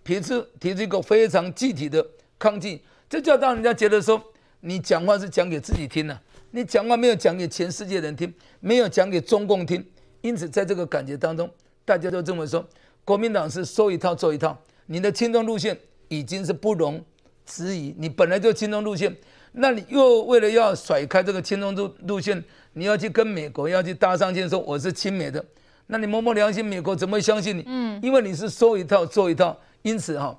提出提出一個非常具體的抗議，這就讓人家覺得說你講話是講給自己聽呢、啊。你講話沒有講給全世界人聽，沒有講給中共聽。因此，在這個感覺當中，大家都這麼說：國民黨是說一套做一套。你的親中路線已經是不容置疑，你本來就親中路線，那你又為了要甩開這個親中路路線，你要去跟美國要去搭上線，說我是親美的，那你摸摸良心，美國怎麼會相信你？嗯，因為你是說一套做一套。因此，哦，哈，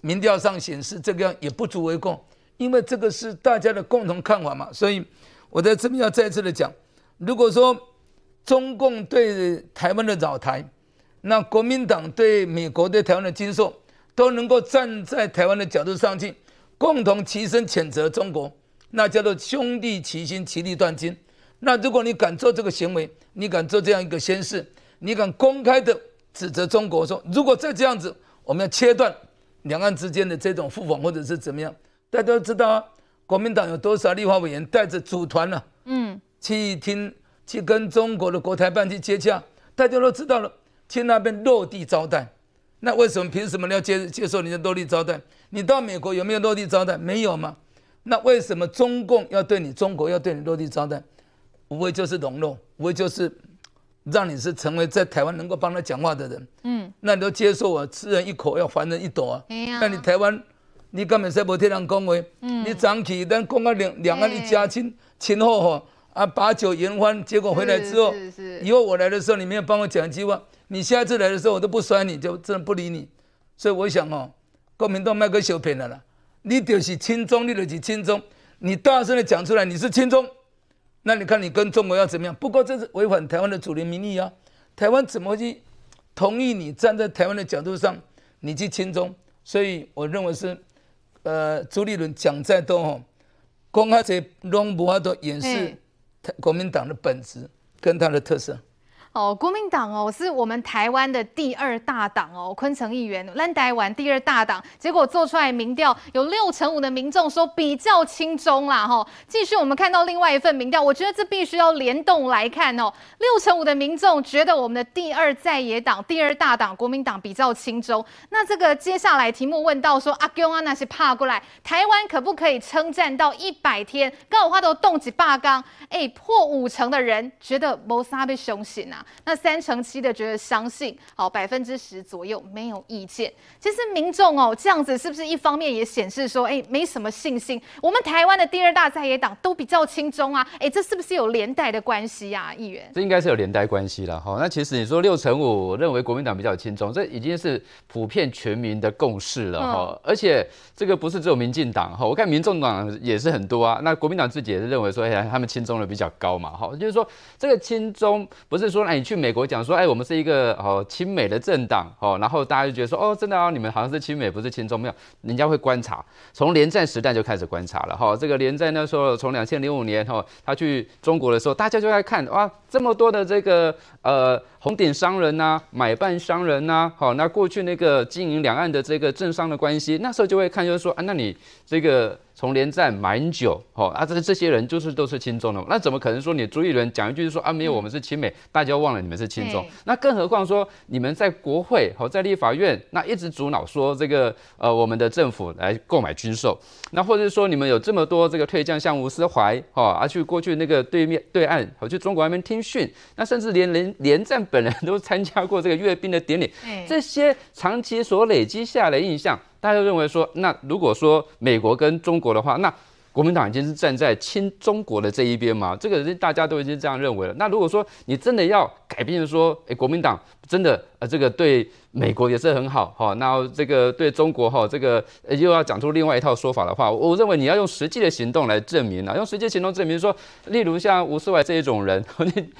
民調上顯示這個樣也不足為過，因為這個是大家的共同看法嘛。所以，我在這邊要再次的講：如果說。中共對台灣的擾台，那國民黨對美國對台灣的軍售，都能夠站在台灣的角度上去，共同齊聲譴責中國，那叫做兄弟齊心，其利斷金。那如果你敢做這個行為，你敢做這樣一個宣示，你敢公開的指責中國說，如果再這樣子，我們要切斷兩岸之間的這種互訪或者是怎麼樣，大家都知道啊，國民黨有多少立法委員帶着組團呢？嗯，去聽。去跟中國的國臺辦去接洽，大家都知道了，去那邊落地招待，那為什麼憑什麼要接接受你的落地招待？你到美國有沒有落地招待？沒有嘛。那為什麼中共要對你，中國要對你落地招待？無非就是籠絡，無非就是讓你是成為在臺灣能夠幫他講話的人。嗯，那你都接受我，吃人一口要還人一斗啊。嗯、那你臺灣，你根本是不聽人講話，嗯、你長取但公開兩兩岸一家親親後吼。啊，把酒言歡，結果回來之後，以後我來的時候，你沒有幫我講一句話。你下一次來的時候，我都不甩你就，就真的不理你。所以我想哦，公民都賣給小品了啦。你就是親中，你就是親中，你大聲的講出來，你是親中。那你看你跟中國要怎麼樣？不過這是違反台灣的主流民意啊。台灣怎麼去同意你站在台灣的角度上，你去親中？所以我認為是，呃，朱立倫講再多哦，公開始攏無法度都掩飾國民黨的本質跟它的特色。哦，國民黨哦，是我們台灣的第二大黨哦，昆城議員咱台灣第二大黨，結果做出來民調有六成五的民眾說比較親中啦哈。哦，繼續我們看到另外一份民調，我覺得這必須要聯動來看哦，六成五的民眾覺得我們的第二在野黨第二大黨國民黨比較親中，那這個接下來題目問到說，阿吉安那，是怕過來台灣可不可以稱讚到一百天？剛好，話都動起罷工，哎，破五成的人覺得謀殺被凶險啊那三成七的覺得相信，好百分之十左右沒有意見。其實民眾哦、喔、這樣子是不是一方面也顯示說，哎、欸、沒什麼信心。我們台灣的第二大在野黨都比較親中啊，哎、欸、這是不是有連帶的關係啊？議員，這應該是有連帶關係了哈。那其實你說六成五認為國民黨比較親中，這已經是普遍全民的共識了哈。哦嗯、而且這個不是只有民進黨哈，我看民眾黨也是很多啊。那國民黨自己也是認為說，哎、欸、他們親中的比較高嘛，好、哦、就是說這個親中不是說你去美國講說，哎，我們是一個哦親美的政黨哦，然後大家就覺得說，哦，真的啊，你們好像是親美，不是親中，沒有，人家會觀察，從連戰時代就開始觀察了哈。這個連戰那時候從兩千零五年哈，他去中國的時候，大家就在看哇，這麼多的這個呃紅頂商人吶、啊，買辦商人吶，好，那過去那個經營兩岸的這個政商的關係，那時候就會看，就是說啊，那你這個。從連戰蠻久，吼啊，這這些人就是都是親中的，那怎麼可能說你朱立倫講一句就說啊，沒有我們是親美，大家忘了你們是親中，嗯、那更何況說你們在國會和在立法院，那一直阻撓說這個呃我們的政府來購買軍售，那或者說你們有這麼多這個退將像吳斯懷吼啊，去過去那個對面對岸，好去中國那邊聽訓，那甚至連連連戰本人都參加過這個閱兵的典禮，這些長期所累積下來的印象。嗯大家都認為說，那如果說美國跟中國的話，那國民黨已經是站在親中國的這一邊嘛。這個大家都已經這樣認為了。那如果說你真的要改變說，哎、欸，國民黨真的、啊、這個對美國也是很好哈，然後這個對中國哈，這個又要講出另外一套說法的話，我認為你要用實際的行動來證明啊，用實際行動證明說，例如像吳斯懷這一種人你。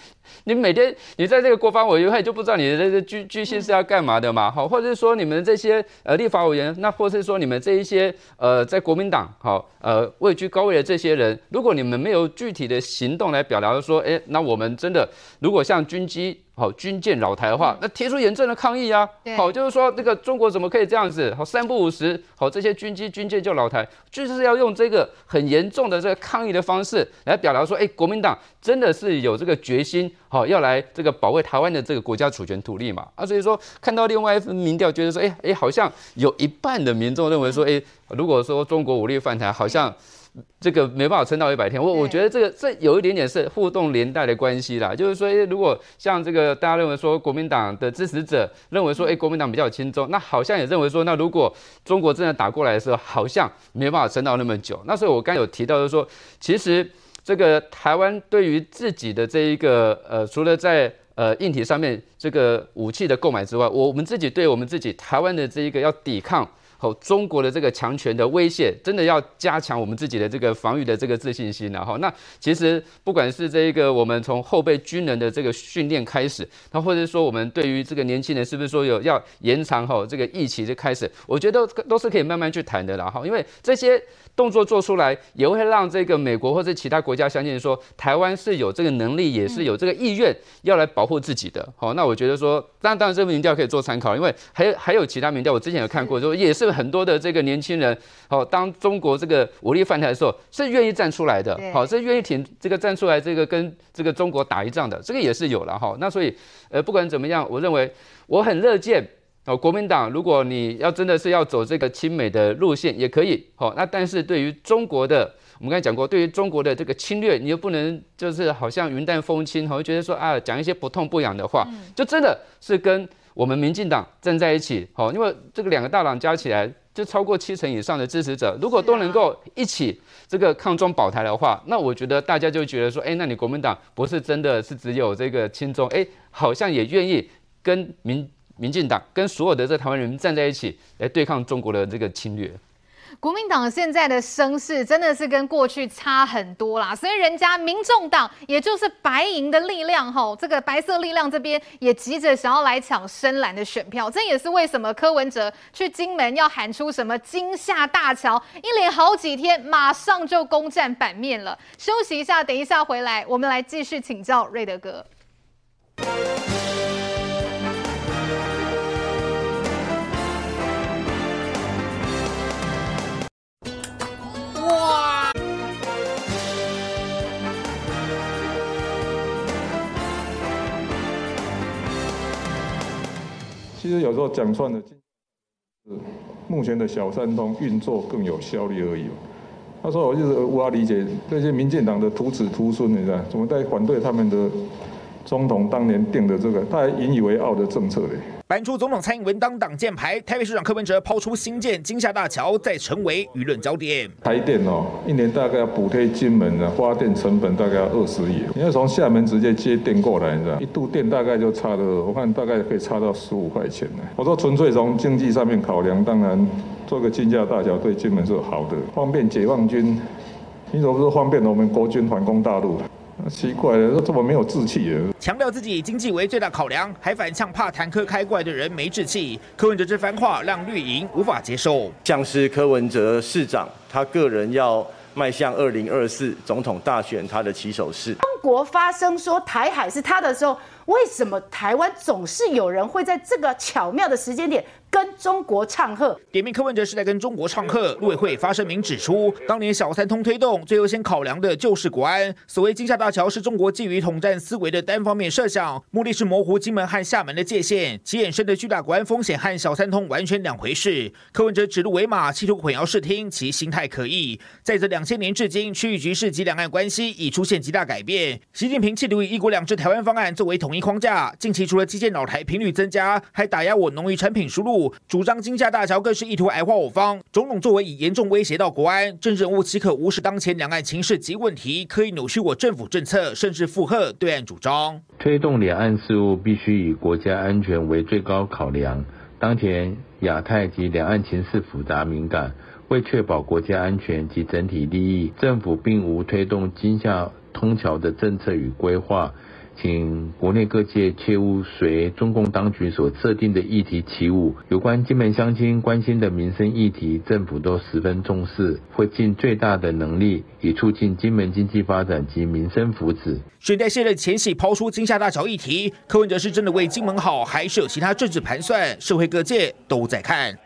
你每天你在這個國防委員會，就不知道你的這個軍軍心是要幹嘛的嘛？好，或者是說你們這些呃立法委員，那或是說你們這一些呃在國民黨好呃位居高位的這些人，如果你們沒有具體的行動來表達說，哎，那我們真的如果像軍機。好、哦，軍艦老台的話，嗯、那提出嚴正的抗議啊！好對、哦，就是說這個中國怎麼可以這樣子？好、哦，三不五時，好、哦、這些軍機軍艦就老台，就是要用這個很嚴重的這個抗議的方式來表達說，哎、欸，國民黨真的是有這個決心，好、哦，要來這個保衛台灣的這個國家主權土地嘛？啊，所以說看到另外一份民調，覺得說，哎、欸、哎、欸，好像有一半的民眾認為說，哎、欸，如果說中國武力犯台，好像、嗯。嗯這個沒辦法撐到一百天，我我覺得這個這有一點點是互動連帶的關係啦，就是說，如果像這個大家認為說國民黨的支持者認為說，哎，國民黨比較輕鬆，那好像也認為說，那如果中國真的打過來的時候，好像沒辦法撐到那麼久。那時候我剛有提到，就是說，其實這個台灣對於自己的這一個呃，除了在呃硬體上面這個武器的購買之外，我們自己對我們自己台灣的這一個要抵抗。好，中國的這個強權的威脅，真的要加強我們自己的這個防禦的這個自信心了。哈，那其實不管是這個我們從後備軍人的這個訓練開始，那或者說我們對於這個年輕人是不是說有要延長哈這個役期的開始，我覺得都是可以慢慢去談的啦哈，因為這些。動作做出來，也會讓這個美國或者其他國家相信說，台灣是有這個能力，也是有這個意願要來保護自己的。好，那我覺得說，那當然這份民調可以做參考，因為還有還有其他民調，我之前有看過，就是也是很多的這個年輕人，好，當中國這個武力犯台的時候，是願意站出來的，好，是願意挺這個站出來，這個跟這個中國打一仗的，這個也是有了哈。那所以，呃，不管怎麼樣，我認為我很樂見。哦，國民黨，如果你要真的是要走這個親美的路線，也可以，好，那但是對於中國的，我們剛才講過，對於中國的這個侵略，你又不能就是好像雲淡風輕，好，覺得說啊，講一些不痛不癢的話，就真的是跟我們民進黨站在一起，好，因為這個兩個大黨加起來就超過七成以上的支持者，如果都能夠一起這個抗中保台的話，那我覺得大家就覺得說，哎，那你國民黨不是真的是只有這個親中，哎，好像也願意跟民。民進黨跟所有的這台灣人民站在一起，來對抗中國的這個侵略。國民黨現在的聲勢真的是跟過去差很多啦，所以人家民眾黨，也就是白銀的力量，吼，這個白色力量這邊也急着想要來搶深藍的選票。這也是為什麼柯文哲去金門要喊出什麼“金廈大橋”，一連好幾天馬上就攻占版面了。休息一下，等一下回來，我們來繼續請教瑞德哥。哇！其實有時候講穿了，目前的小三通運作更有效率而已。他說：“我就是我要、啊、理解這些民進黨的徒子徒孫，你知道怎麼在反對他們的總統當年定的這個，他還引以為傲的政策嘞。”搬出總統蔡英文當擋箭牌，台北市長柯文哲拋出新建金廈大橋，再成為輿論焦點。台電哦、喔，一年大概要補貼金門的發電成本大概二十億，你要從廈門直接接電過來，你知道一度電大概就差了我看大概可以差到十五塊錢呢。我說純粹從經濟上面考量，當然做個金廈大橋對金門是好的，方便解放軍，你是不是方便了我們國軍反攻大陸？奇怪了，都這麼沒有志氣耶？強調自己以經濟為最大考量，還反嗆怕坦克開過來的人沒志氣。柯文哲這番話讓綠營無法接受。像是柯文哲市長，他個人要邁向二零二四總統大選，他的起手式。中國發聲說台海是他的時候。為什麼台灣總是有人會在這個巧妙的時間點跟中國唱和？點名柯文哲是在跟中國唱和。陸委會發聲明指出，當年小三通推動最優先考量的就是國安。所謂金廈大橋是中國基於統戰思維的單方面設想，目的是模糊金門和廈門的界限，其衍生的巨大國安風險和小三通完全兩回事。柯文哲指鹿為馬，企圖混淆視聽，其心態可疑。在這兩千年至今，區域局勢及兩岸關係已出現極大改變。習近平企圖以“一國兩制”台灣方案作為統。共機近期除了機艦、擾台頻率增加，還打壓我農漁產品輸入，主張金廈大橋更是意圖矮化我方，種種作為已嚴重威脅到國安。政治人物豈可無視當前兩岸情勢及問題，可以扭曲我政府政策，甚至附和對岸主張。推動兩岸事務必須以國家安全為最高考量。當前亞太及兩岸情勢複雜敏感，為確保國家安全及整體利益，政府並無推動金廈通橋的政策與規劃。請國內各界切勿隨中共當局所設定的議題起舞。有關金門鄉親關心的民生議題，政府都十分重視，會盡最大的能力以促進金門經濟發展及民生福祉。選代現的前起拋出金廈大橋議題，柯文哲是真的為金門好，還是有其他政治盤算？社會各界都在看。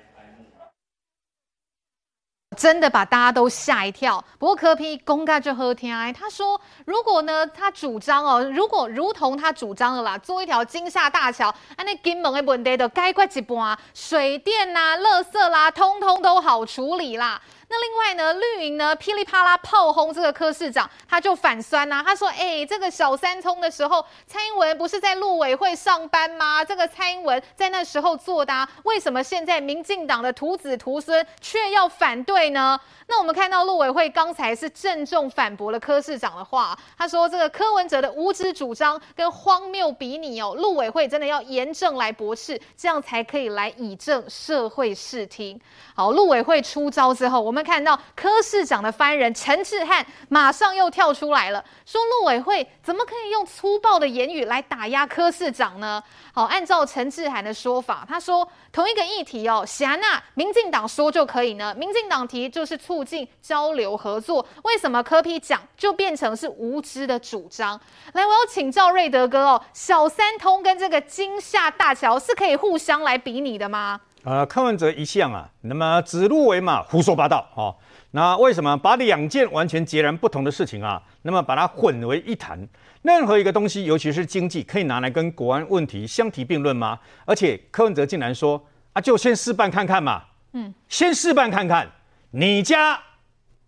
真的把大家都嚇一跳。不過柯 P 公開就好聽啊，他說如果呢，他主張哦，如果如同他主張的啦，做一條金廈大橋，啊尼金門的問題就解決一半，水電啦、垃圾啦、啊，通通都好處理啦。那另外呢，綠營呢，噼裡啪啦炮轟這個柯市長，他就反酸吶、啊，他說：“哎、欸，這個小三通的時候，蔡英文不是在陸委會上班嗎？這個蔡英文在那時候作答、啊，為什麼現在民進黨的徒子徒孫卻要反對呢？”那我們看到陸委會剛才是鄭重反駁了柯市長的話，他說：“這個柯文哲的無知主張跟荒謬比擬哦，陸委會真的要嚴正來駁斥，這樣才可以來以正社會視聽。”好，陸委會出招之後，我們。看到柯市長的翻人，陳智菡馬上又跳出來了，說陸委會怎麼可以用粗暴的言語來打壓柯市長呢？好，按照陳智菡的說法，他說同一個議題哦，霞娜，民進黨說就可以呢，民進黨提就是促進交流合作，為什麼柯 P 講就變成是無知的主張？來，我要請教瑞德哥哦，小三通跟這個金廈大橋是可以互相來比擬的嗎？呃，柯文哲一向啊，那麼指鹿為馬、胡說八道哦，那為什麼把兩件完全截然不同的事情啊，那麼把它混為一談？任何一個東西，尤其是經濟，可以拿來跟國安問題相提並論嗎？而且柯文哲竟然說啊，就先試辦看看嘛，嗯，先試辦看看，你家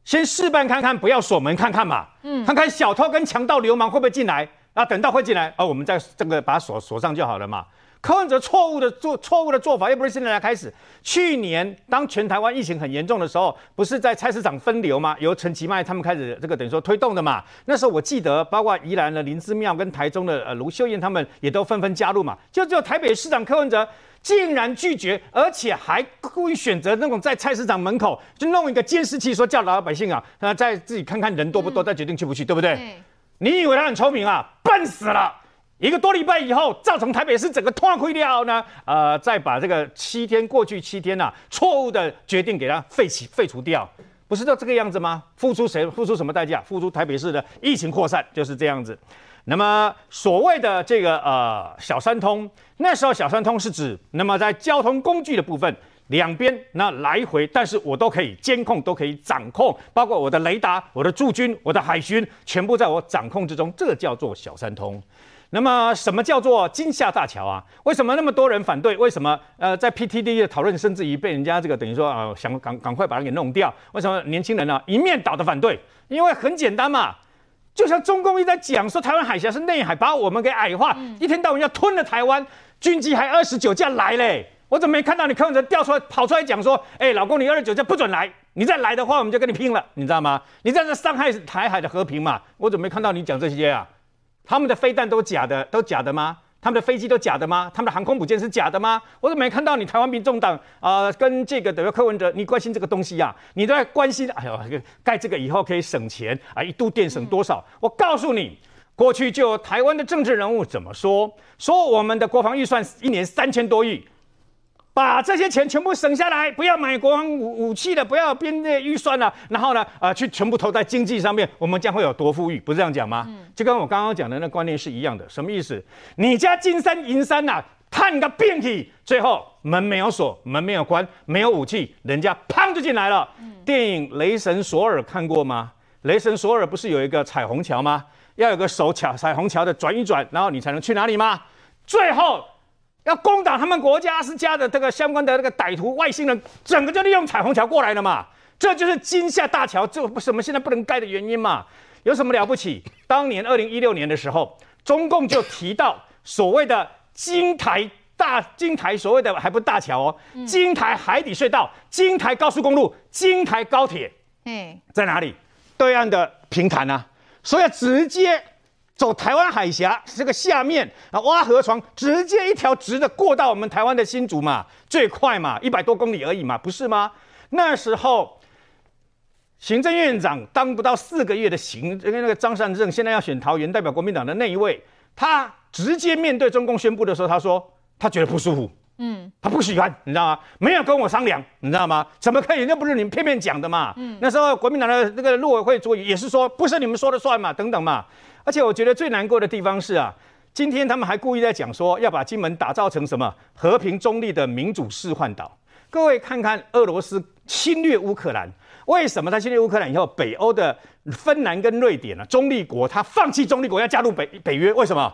先試辦看看，不要鎖門看看嘛，嗯，看看小偷跟強盜流氓會不會進來？啊，等到會進來，啊，我們再這個把鎖鎖上就好了嘛。柯文哲錯誤的做錯誤的做法，又不是現在才開始。去年當全台灣疫情很嚴重的時候，不是在菜市場分流嗎？由陳其邁他們開始這個等於說推動的嘛。那時候我記得，包括宜蘭的林姿妙跟台中的盧秀燕他們也都紛紛加入嘛。就只有台北市長柯文哲竟然拒絕，而且還故意選擇那種在菜市場門口就弄一個監視器，說叫老百姓啊，那再自己看看人多不多，嗯、再決定去不去，對不對？對，你以為他很聰明啊？笨死了！一個多禮拜以後，造成台北市整個癱瘓掉呢？呃，再把這個七天過去七天吶、啊，錯誤的決定給他廢棄廢除掉，不是都這個樣子嗎？付出誰付出什麼代價？付出台北市的疫情擴散就是這樣子。那麼所謂的這個呃小三通，那時候小三通是指，那麼在交通工具的部分，兩邊那來回，但是我都可以監控，都可以掌控，包括我的雷達、我的駐軍、我的海巡，全部在我掌控之中，這個叫做小三通。那麼什麼叫做驚嚇大橋啊？為什麼那麼多人反對？為什麼呃在 PTD 的討論，甚至於被人家這個等於說啊、呃、想趕趕快把它給弄掉？為什麼年輕人呢、啊、一面倒的反對？因為很簡單嘛，就像中共一直在講說台灣海峽是內海，把我們給矮化，嗯、一天到晚要吞了台灣，軍機還二十九架來嘞，我怎麼沒看到你柯文哲掉出來跑出來講說，哎、欸、老公你二十九架不准來，你再來的話我們就跟你拼了，你知道嗎？你這樣子傷害台海的和平嘛，我怎麼沒看到你講這些啊？他們的飛彈都假的，都假的嗎？他們的飛機都假的嗎？他們的航空母艦是假的嗎？我怎麼沒看到你台灣民眾黨啊，跟這個等於柯文哲，你關心這個東西呀、啊？你都在關心，哎呦，蓋這個以後可以省錢啊，一度電省多少？嗯、我告訴你，過去就台灣的政治人物怎麼說？說我們的國防預算一年三千多億。把這些錢全部省下來，不要買國防武器了，不要編列預算了，然後呢，呃，去全部投在經濟上面，我們將會有多富裕？不是這樣講嗎？嗯、就跟我剛剛講的那觀念是一樣的。什麼意思？你家金山銀山吶、啊，探個遍體，最後門沒有鎖，門沒有關，沒有武器，人家砰就進來了。嗯、電影《雷神索爾》看過嗎？雷神索爾不是有一個彩虹橋嗎？要有個手橋，彩虹橋的轉一轉，然後你才能去哪裡嗎？最後。要攻打他們國家是加的這個相關的那個歹徒外星人，整個就利用彩虹橋過來了嘛。這就是金廈大橋，這不是什麼現在不能蓋的原因嘛？有什麼了不起？當年二零一六年的時候，中共就提到所謂的京台大京 台所謂的還不是大橋哦，京、嗯、台海底隧道、京台高速公路、京台高鐵，嗯，在哪裡？對岸的平潭啊，所以直接。走台灣海峽這個下面，啊，挖河床，直接一條直的過到我們台灣的新竹嘛，最快嘛，一百多公里而已嘛，不是嗎？那時候，行政院長當不到四個月的，行，那個張善政現在要選桃園代表國民黨的那一位，他直接面對中共宣布的時候，他說他覺得不舒服。嗯，他不喜歡，你知道嗎？沒有跟我商量，你知道嗎？怎麼可以？那不是你們片面講的嘛？嗯，那時候國民黨的那個陸委會主委也是說，不是你們說了算嘛，等等嘛。而且我覺得最難過的地方是啊，今天他們還故意在講說要把金門打造成什麼和平中立的民主示範島。各位看看，俄羅斯侵略烏克蘭，為什麼他侵略烏克蘭以後，北歐的芬蘭跟瑞典啊，中立國他放棄中立國，要加入北北約，為什麼？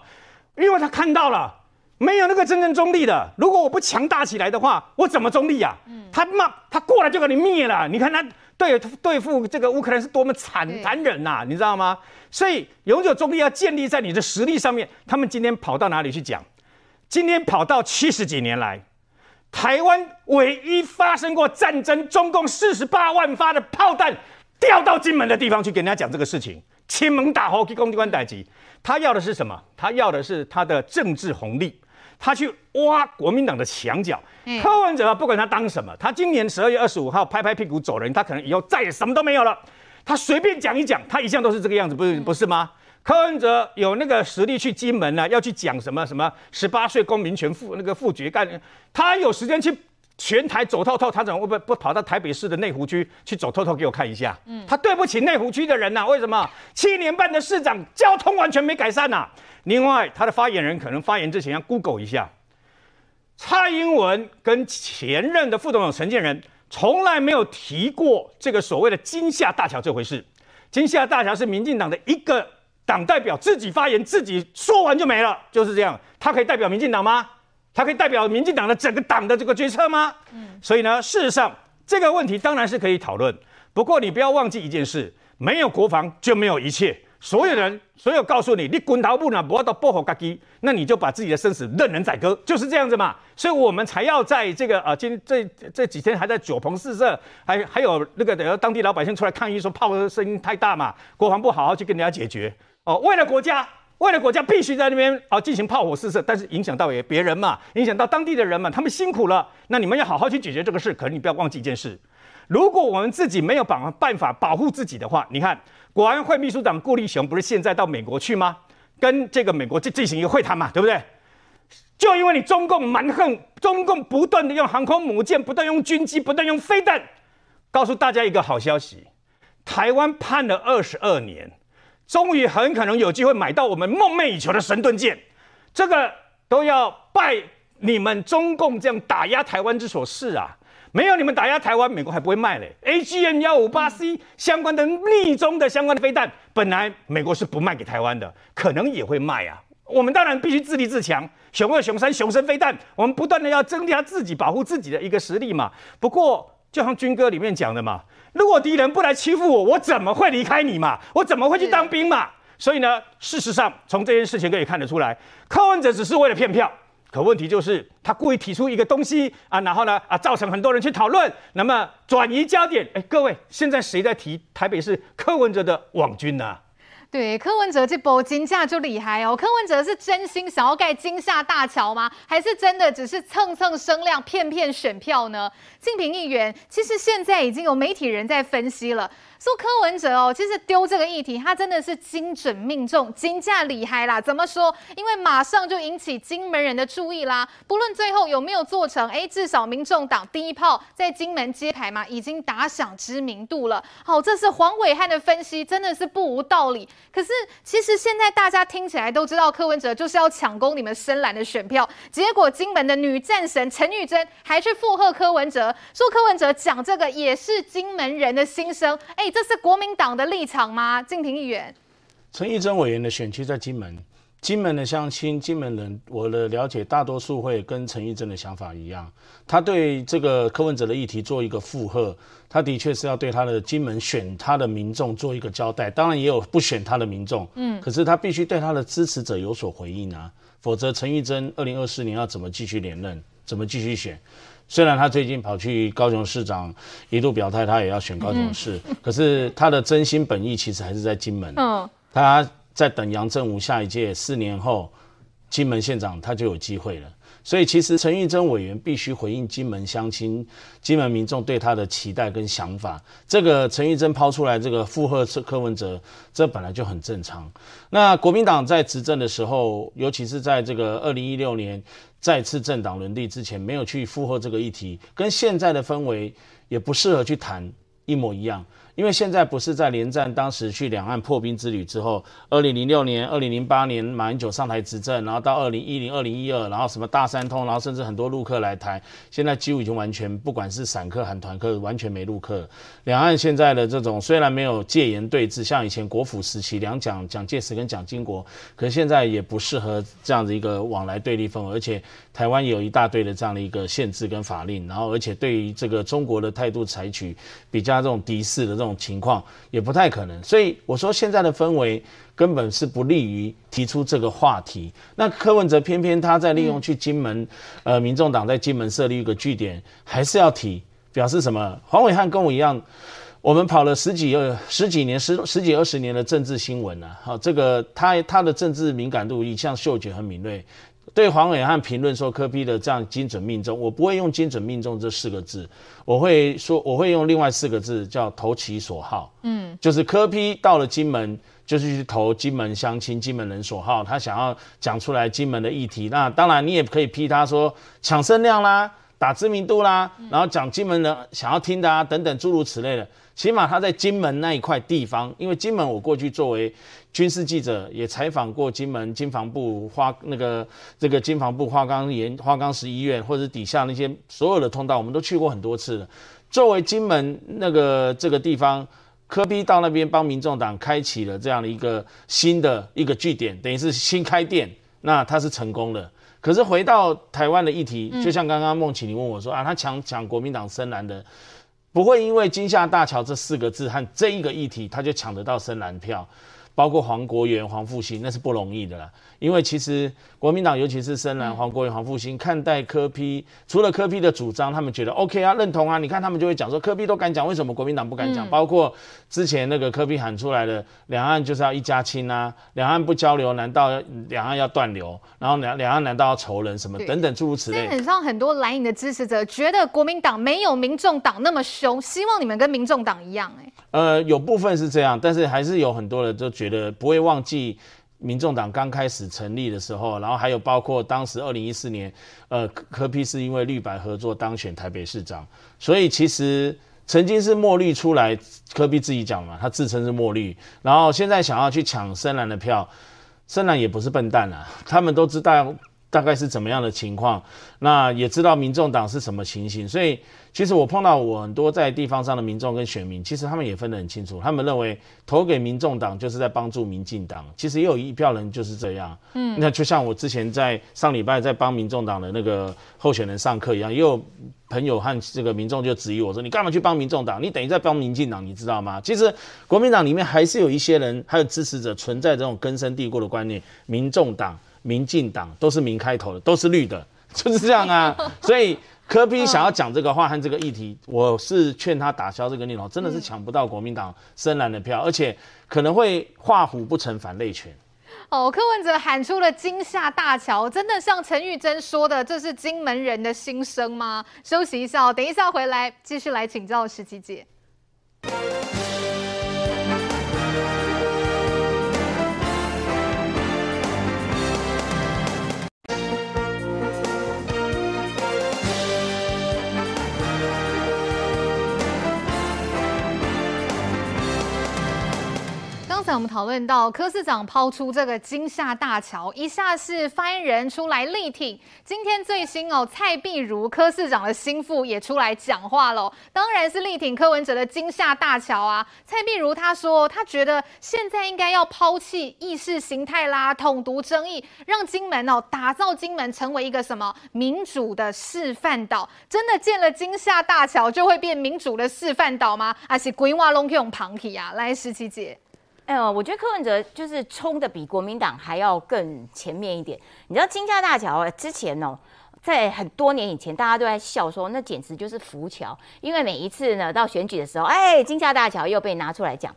因為他看到了。沒有那個真正中立的。如果我不強大起來的話，我怎麼中立啊？嗯、他媽，他過來就給你滅了。你看他對對付這個烏克蘭是多麼殘殘忍吶，啊嗯、你知道嗎？所以永久中立要建立在你的實力上面。他們今天跑到哪裡去講？今天跑到七十幾年來台灣唯一發生過戰爭，中共四十八萬發的炮彈掉到金門的地方去，給人家講這個事情。金門大轟炸攻擊官逮級，他要的是什麼？他要的是他的政治紅利。他去挖國民黨的牆角，柯文哲不管他當什麼，他今年十二月二十五號拍拍屁股走人，他可能以後再也什麼都沒有了。他隨便講一講，他一向都是這個樣子，不是、嗯、不是嗎？柯文哲有那個實力去金門呢、啊，要去講什麼什麼十八歲公民權副那個複決幹，他有時間去全台走透透，他怎麼會不會不跑到台北市的內湖區去走透透給我看一下？他對不起內湖區的人吶、啊，為什麼七年半的市長交通完全沒改善吶、啊？另外，他的發言人可能發言之前要 Google 一下。蔡英文跟前任的副總統陳建仁從來沒有提過這個所謂的“金廈大橋”這回事。金廈大橋是民進黨的一個黨代表自己發言，自己說完就沒了，就是這樣。他可以代表民進黨嗎？他可以代表民進黨的整個黨的這個決策嗎？嗯。所以呢，事實上這個問題當然是可以討論。不過你不要忘記一件事：沒有國防就沒有一切。所有人，所有告訴你，你滾到木呢，不要到薄火咖基，那你就把自己的生死任人宰割，就是這樣子嘛。所以，我們才要在這個呃、啊，今這這幾天還在九鵬試射，還還有那個，等當地老百姓出來抗議說炮火的聲音太大嘛，國防部好好去跟人家解決哦。為了國家，為了國家，必須在那邊啊進行炮火試射，但是影響到也別人嘛，影響到當地的人嘛，他們辛苦了。那你們要好好去解決這個事，可是你不要忘記一件事，如果我們自己沒有保辦法保護自己的話，你看。國安會秘書長顧立雄不是現在到美國去嗎？跟這個美國進進行一個會談嘛，對不對？就因為你中共蠻橫，中共不斷的用航空母艦，不斷用軍機，不斷用飛彈，告訴大家一個好消息：台灣盼了二十二年，終於很可能有機會買到我們夢寐以求的神盾艦。這個都要拜你們中共這樣打壓台灣之所賜啊！沒有你們打壓台灣，美國還不會賣嘞。A G M 幺五八 C 相關的匿蹤的相關的飛彈，本來美國是不賣給台灣的，可能也會賣啊。我們當然必須自立自強，雄二、雄三、雄昇飛彈，我們不斷的要增加自己保護自己的一個實力嘛。不過就像軍歌裡面講的嘛，如果敵人不來欺負我，我怎麼會離開你嘛？我怎麼會去當兵嘛？嗯、所以呢，事實上從這件事情可以看得出來，柯文哲只是為了騙票。可問題就是，他故意提出一個東西啊，然後呢啊，造成很多人去討論，那麼轉移焦點。哎，各位，現在誰在提台北市柯文哲的網軍呢、啊？對，柯文哲這波金價就厲害哦。柯文哲是真心想要蓋金廈大橋嗎？還是真的只是蹭蹭聲量、騙騙選票呢？敬平議員，其實現在已經有媒體人在分析了。說柯文哲哦，其實丟這個議題，他真的是精準命中，金價厲害啦。怎麼說？因為馬上就引起金門人的注意啦。不論最後有沒有做成，哎，至少民眾黨第一炮在金門揭牌嘛，已經打響知名度了。好，這是黃暐瀚的分析，真的是不無道理。可是其實現在大家聽起來都知道，柯文哲就是要搶攻你們深藍的選票。結果金門的女戰神陳玉珍還去附和柯文哲，說柯文哲講這個也是金門人的心聲，誒這是國民黨的立場嗎，敬平議員？陳玉珍委員的選區在金門，金門的鄉親、金門人，我的了解，大多數會跟陳玉珍的想法一樣。他對這個柯文哲的議題做一個附和，他的確是要對他的金門選他的民眾做一個交代。當然也有不選他的民眾，嗯，可是他必須對他的支持者有所回應啊，否則陳玉珍二零二四年要怎麼繼續連任，怎麼繼續選？雖然他最近跑去高雄市長，一度表態他也要選高雄市，嗯、可是他的真心本意其實還是在金門。嗯，他在等楊振武下一屆四年後，金門縣長他就有機會了。所以其實陳玉珍委員必須回應金門鄉親、金門民眾對他的期待跟想法。這個陳玉珍拋出來這個附和柯文哲，這本來就很正常。那國民黨在執政的時候，尤其是在這個二零一六年。再次政黨輪替之前，沒有去附和這個議題，跟現在的氛圍也不適合去談，一模一樣。因為現在不是在連戰當時去兩岸破冰之旅之後，二零零六年、二零零八年馬英九上台執政，然後到二零一零、二零一二，然後什麼大三通，然後甚至很多陸客來台，現在幾乎已經完全，不管是散客還是團客，完全沒陸客。兩岸現在的這種雖然沒有戒嚴對峙，像以前國府時期兩蔣蔣介石跟蔣經國，可是現在也不適合這樣的一個往來對立氛圍，而且台灣也有一大堆的這樣的一個限制跟法令，然後而且對於這個中國的態度採取比較這種敵視的這種。種情況也不太可能，所以我說現在的氛圍根本是不利於提出這個話題。那柯文哲偏偏他在利用去金門，嗯、呃，民眾黨在金門設立一個據點，還是要提，表示什麼？黃暐瀚跟我一樣，我們跑了十幾二、二十幾年、十十幾、二十年的政治新聞吶、啊，好、啊，這個他他的政治敏感度一向嗅覺很敏銳。所以黃暐瀚評論說：“柯 P 的這樣精準命中，我不會用‘精準命中’這四個字，我會說我會用另外四個字叫‘投其所好’。嗯，就是柯 P 到了金門，就是去投金門鄉親、金門人所好，他想要講出來金門的議題。那當然，你也可以批他說搶聲量啦，打知名度啦，嗯、然後講金門人想要聽的啊，等等諸如此類的。”起碼他在金門那一塊地方，因為金門我過去作為軍事記者也採訪過金門金防部花那個這個金防部花崗岩花崗石醫院或者底下那些所有的通道，我們都去過很多次了。作為金門那個這個地方，柯 P 到那邊幫民眾黨開啟了這樣的一個新的一個據點，等於是新開店，那他是成功的。可是回到台灣的議題，就像剛剛孟琦你問我說、嗯、啊，他搶搶國民黨深藍的。不會因為“金廈大橋”這四個字和這一個議題，他就搶得到深藍票。包括黃國元、黃復興，那是不容易的啦。因為其實國民黨，尤其是深藍、黃國元、黃復興，看待柯批，除了柯批的主張，他們覺得 OK 啊，認同啊。你看他們就會講說，柯批都敢講，為什麼國民黨不敢講？包括之前那個柯批喊出來的“兩岸就是要一家親”吶，兩岸不交流，難道要兩岸要斷流？然後兩兩岸難道要仇人什麼等等諸如此類。其實很像很多藍營的支持者覺得國民黨沒有民眾黨那麼兇，希望你們跟民眾黨一樣、欸，呃，有部分是這樣，但是還是有很多人都覺得不會忘記，民眾黨剛開始成立的時候，然後還有包括當時二零一四年，呃，柯 P 是因為綠白合作當選台北市長，所以其實曾經是墨綠出來，柯 P 自己講嘛，他自稱是墨綠，然後現在想要去搶深藍的票，深藍也不是笨蛋啦、啊，他們都知道大概是怎麼樣的情況，那也知道民眾黨是什麼情形，所以。其實我碰到我很多在地方上的民眾跟選民，其實他們也分得很清楚。他們認為投給民眾黨就是在幫助民進黨。其實也有一票人就是這樣。嗯，那就像我之前在上禮拜在幫民眾黨的那個候選人上課一樣，也有朋友和這個民眾就質疑我說：“你幹嘛去幫民眾黨？你等於在幫民進黨，你知道嗎？”其實國民黨裡面還是有一些人還有支持者存在這種根深蒂固的觀念：民眾黨、民進黨都是民開頭的，都是綠的，就是這樣啊。所以。柯 P 想要講這個話和這個議題，嗯、我是勸他打消這個念頭，真的是搶不到國民黨深藍的票，而且可能會畫虎不成反類犬。嗯、哦，柯文哲喊出了金廈大橋，真的像陳玉珍說的，這是金門人的心聲嗎？休息一下，等一下回來，繼續來請教時齊姐。我們討論到柯市長拋出這個金廈大橋，一下是發言人出來力挺，今天最新哦，蔡碧如柯市長的心腹也出來講話囉，當然是力挺柯文哲的金廈大橋啊。蔡碧如她說，她覺得現在應該要拋棄意識形態啦，統獨爭議，讓金門哦打造金門成為一個什麼民主的示範島。真的建了金廈大橋就會變民主的示範島嗎？啊是鬼話龍腔旁體啊，來時齊姐。哎呦，我覺得柯文哲就是衝的比國民黨還要更前面一點。你知道金廈大橋啊，之前哦，在很多年以前，大家都在笑說那簡直就是浮橋，因為每一次呢到選舉的時候，哎，金廈大橋又被拿出來講。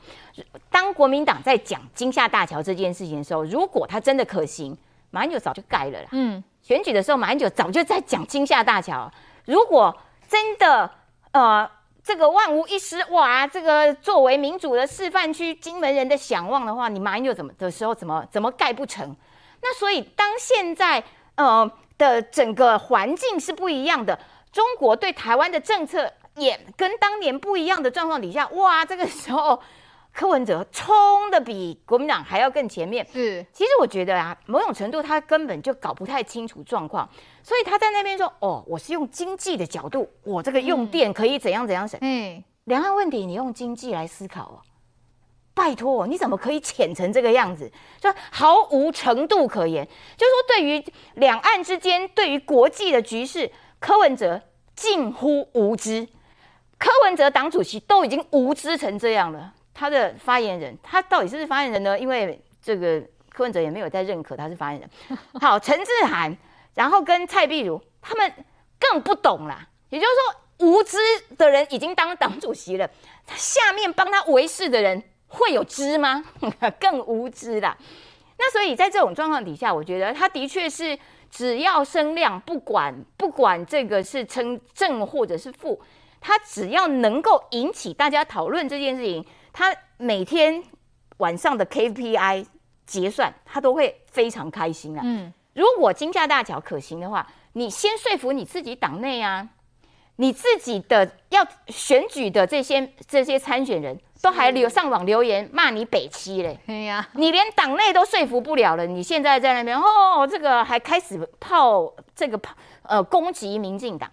當國民黨在講金廈大橋這件事情的時候，如果它真的可行，馬英九早就蓋了啦。嗯，選舉的時候，馬英九早就在講金廈大橋，如果真的呃。這個萬無一失哇！這個作為民主的示範區，金門人的想望的話，你馬英九怎麼的時候，怎麼怎麼蓋不成？那所以當現在呃的整個環境是不一樣的，中國對台灣的政策也跟當年不一樣的狀況底下，哇！這個時候。柯文哲衝的比國民黨還要更前面，是，其實我覺得啊，某種程度他根本就搞不太清楚狀況，所以他在那邊說，哦，我是用經濟的角度，我這個用電可以怎樣怎樣省。嗯，嗯，兩岸問題你用經濟來思考哦，拜托，你怎麼可以淺成這個樣子？就毫無程度可言，就是說對於兩，對於兩岸之間，對於國際的局勢，柯文哲近乎無知。柯文哲黨主席都已經無知成這樣了。他的發言人，他到底是不是發言人呢？因為這個柯文哲也沒有在認可他是發言人。好，陳 智菡，然後跟蔡壁如，他們更不懂啦。也就是說，無知的人已經當了黨主席了，下面幫他圍事的人會有知嗎？ 更無知啦。那所以在這種狀況底下，我覺得他的確是只要聲量，不管不管這個是稱正或者是負，他只要能夠引起大家討論這件事情。他每天晚上的 KPI 結算，他都會非常開心的、啊。嗯，如果金廈大橋可行的話，你先說服你自己黨內啊，你自己的要選舉的這些這些參選人都還留上網留言罵你北七嘞。哎呀的，你連黨內都說服不了了，你現在在那邊哦，這個還開始炮這個炮呃攻擊民進黨。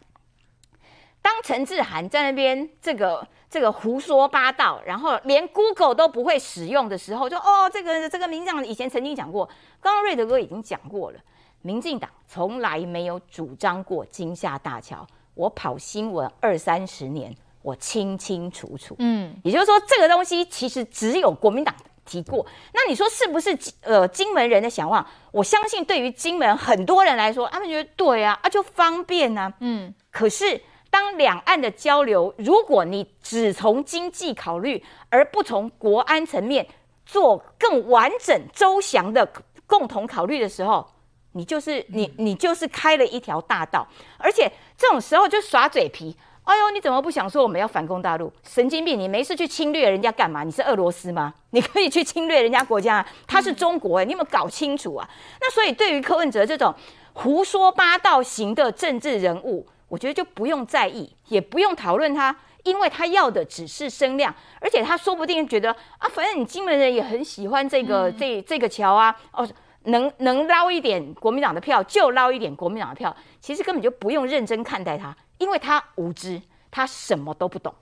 當陳志涵在那邊這個這個胡說八道，然後連 Google 都不會使用的時候就，就哦，這個這個民進黨以前曾經講過，剛剛瑞德哥已經講過了，民進黨從來沒有主張過金廈大橋。我跑新聞二三十年，我清清楚楚，嗯，也就是說，這個東西其實只有國民黨提過。那你說是不是？呃，金門人的想望，我相信對於金門很多人來說，他們覺得對啊，啊就方便啊，嗯，可是。當兩岸的交流，如果你只從經濟考慮，而不從國安層面做更完整周詳的共同考慮的時候，你就是你你就是開了一條大道，而且這種時候就耍嘴皮。哎呦，你怎麼不想說我們要反攻大陸？神經病！你沒事去侵略人家幹嘛？你是俄羅斯嗎？你可以去侵略人家國家啊？他是中國欸，你有沒有搞清楚啊？那所以對於柯文哲這種胡說八道型的政治人物，我覺得就不用在意，也不用討論他，因為他要的只是聲量，而且他說不定覺得啊，反正你金門人也很喜歡這個這、嗯、這個橋啊，哦，能能撈一點國民黨的票就撈一點國民黨的票，其實根本就不用認真看待他，因為他無知，他什麼都不懂。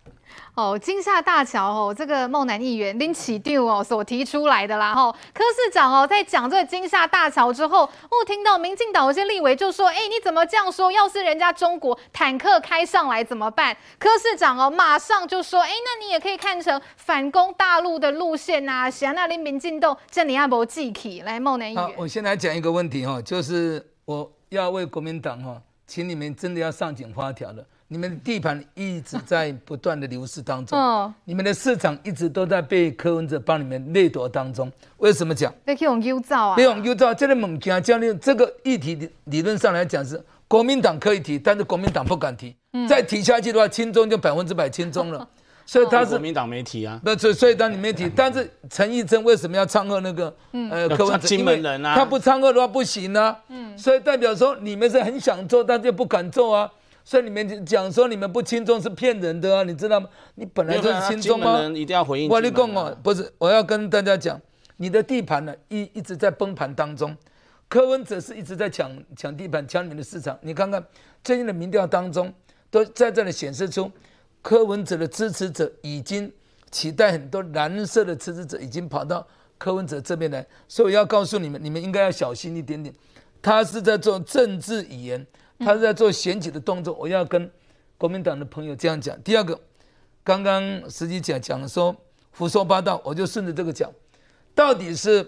哦，金廈大橋哦，這個茂楠議員林啟定哦所提出來的啦吼。柯、哦、市長哦，在講這個金廈大橋之後，我聽到民進黨有些立委就說：“哎、欸，你怎麼這樣說？要是人家中國坦克開上來怎麼辦？”柯市長哦，馬上就說：“哎、欸，那你也可以看成反攻大陸的路線吶。”誰啊？那林明進斗正，你要不要記起來茂楠議員。我先來講一個問題哦，就是我要為國民黨哦，請你們真的要上緊發條了。你們的地盤一直在不斷的流失當中，哦、你們的市場一直都在被柯文哲幫你們掠奪當中。為什麼講？可以用幽照啊！利用幽照這個問題，講這個議題，理論上來講是國民黨可以提，但是國民黨不敢提。嗯、再提下去的話，親中就百分之百親中了，所以他是國民黨沒提啊。那所以，所以他沒提。但是陳玉珍為什麼要摻和那個？嗯、呃，柯文哲，金門人啊，因為他不摻和的話不行啊。嗯、所以代表說，你們是很想做，但就不敢做啊。所以你們講說你們不輕重是騙人的啊，你知道嗎？你本來就是輕重嗎？沒有，沒有，我跟你講哦，不是，我要跟大家講，你的地盤呢，一一直在崩盤當中，柯文哲是一直在搶搶地盤，搶你們的市場。你看看最近的民調當中，都在這裡顯示出，柯文哲的支持者已經期待很多藍色的支持者，已經跑到柯文哲這邊來。所以我要告訴你們，你們應該要小心一點點，他是在做政治語言。他是在做選舉的動作，我要跟國民黨的朋友這樣講。第二個，剛剛時齊姐講了說胡說八道，我就順着這個講，到底是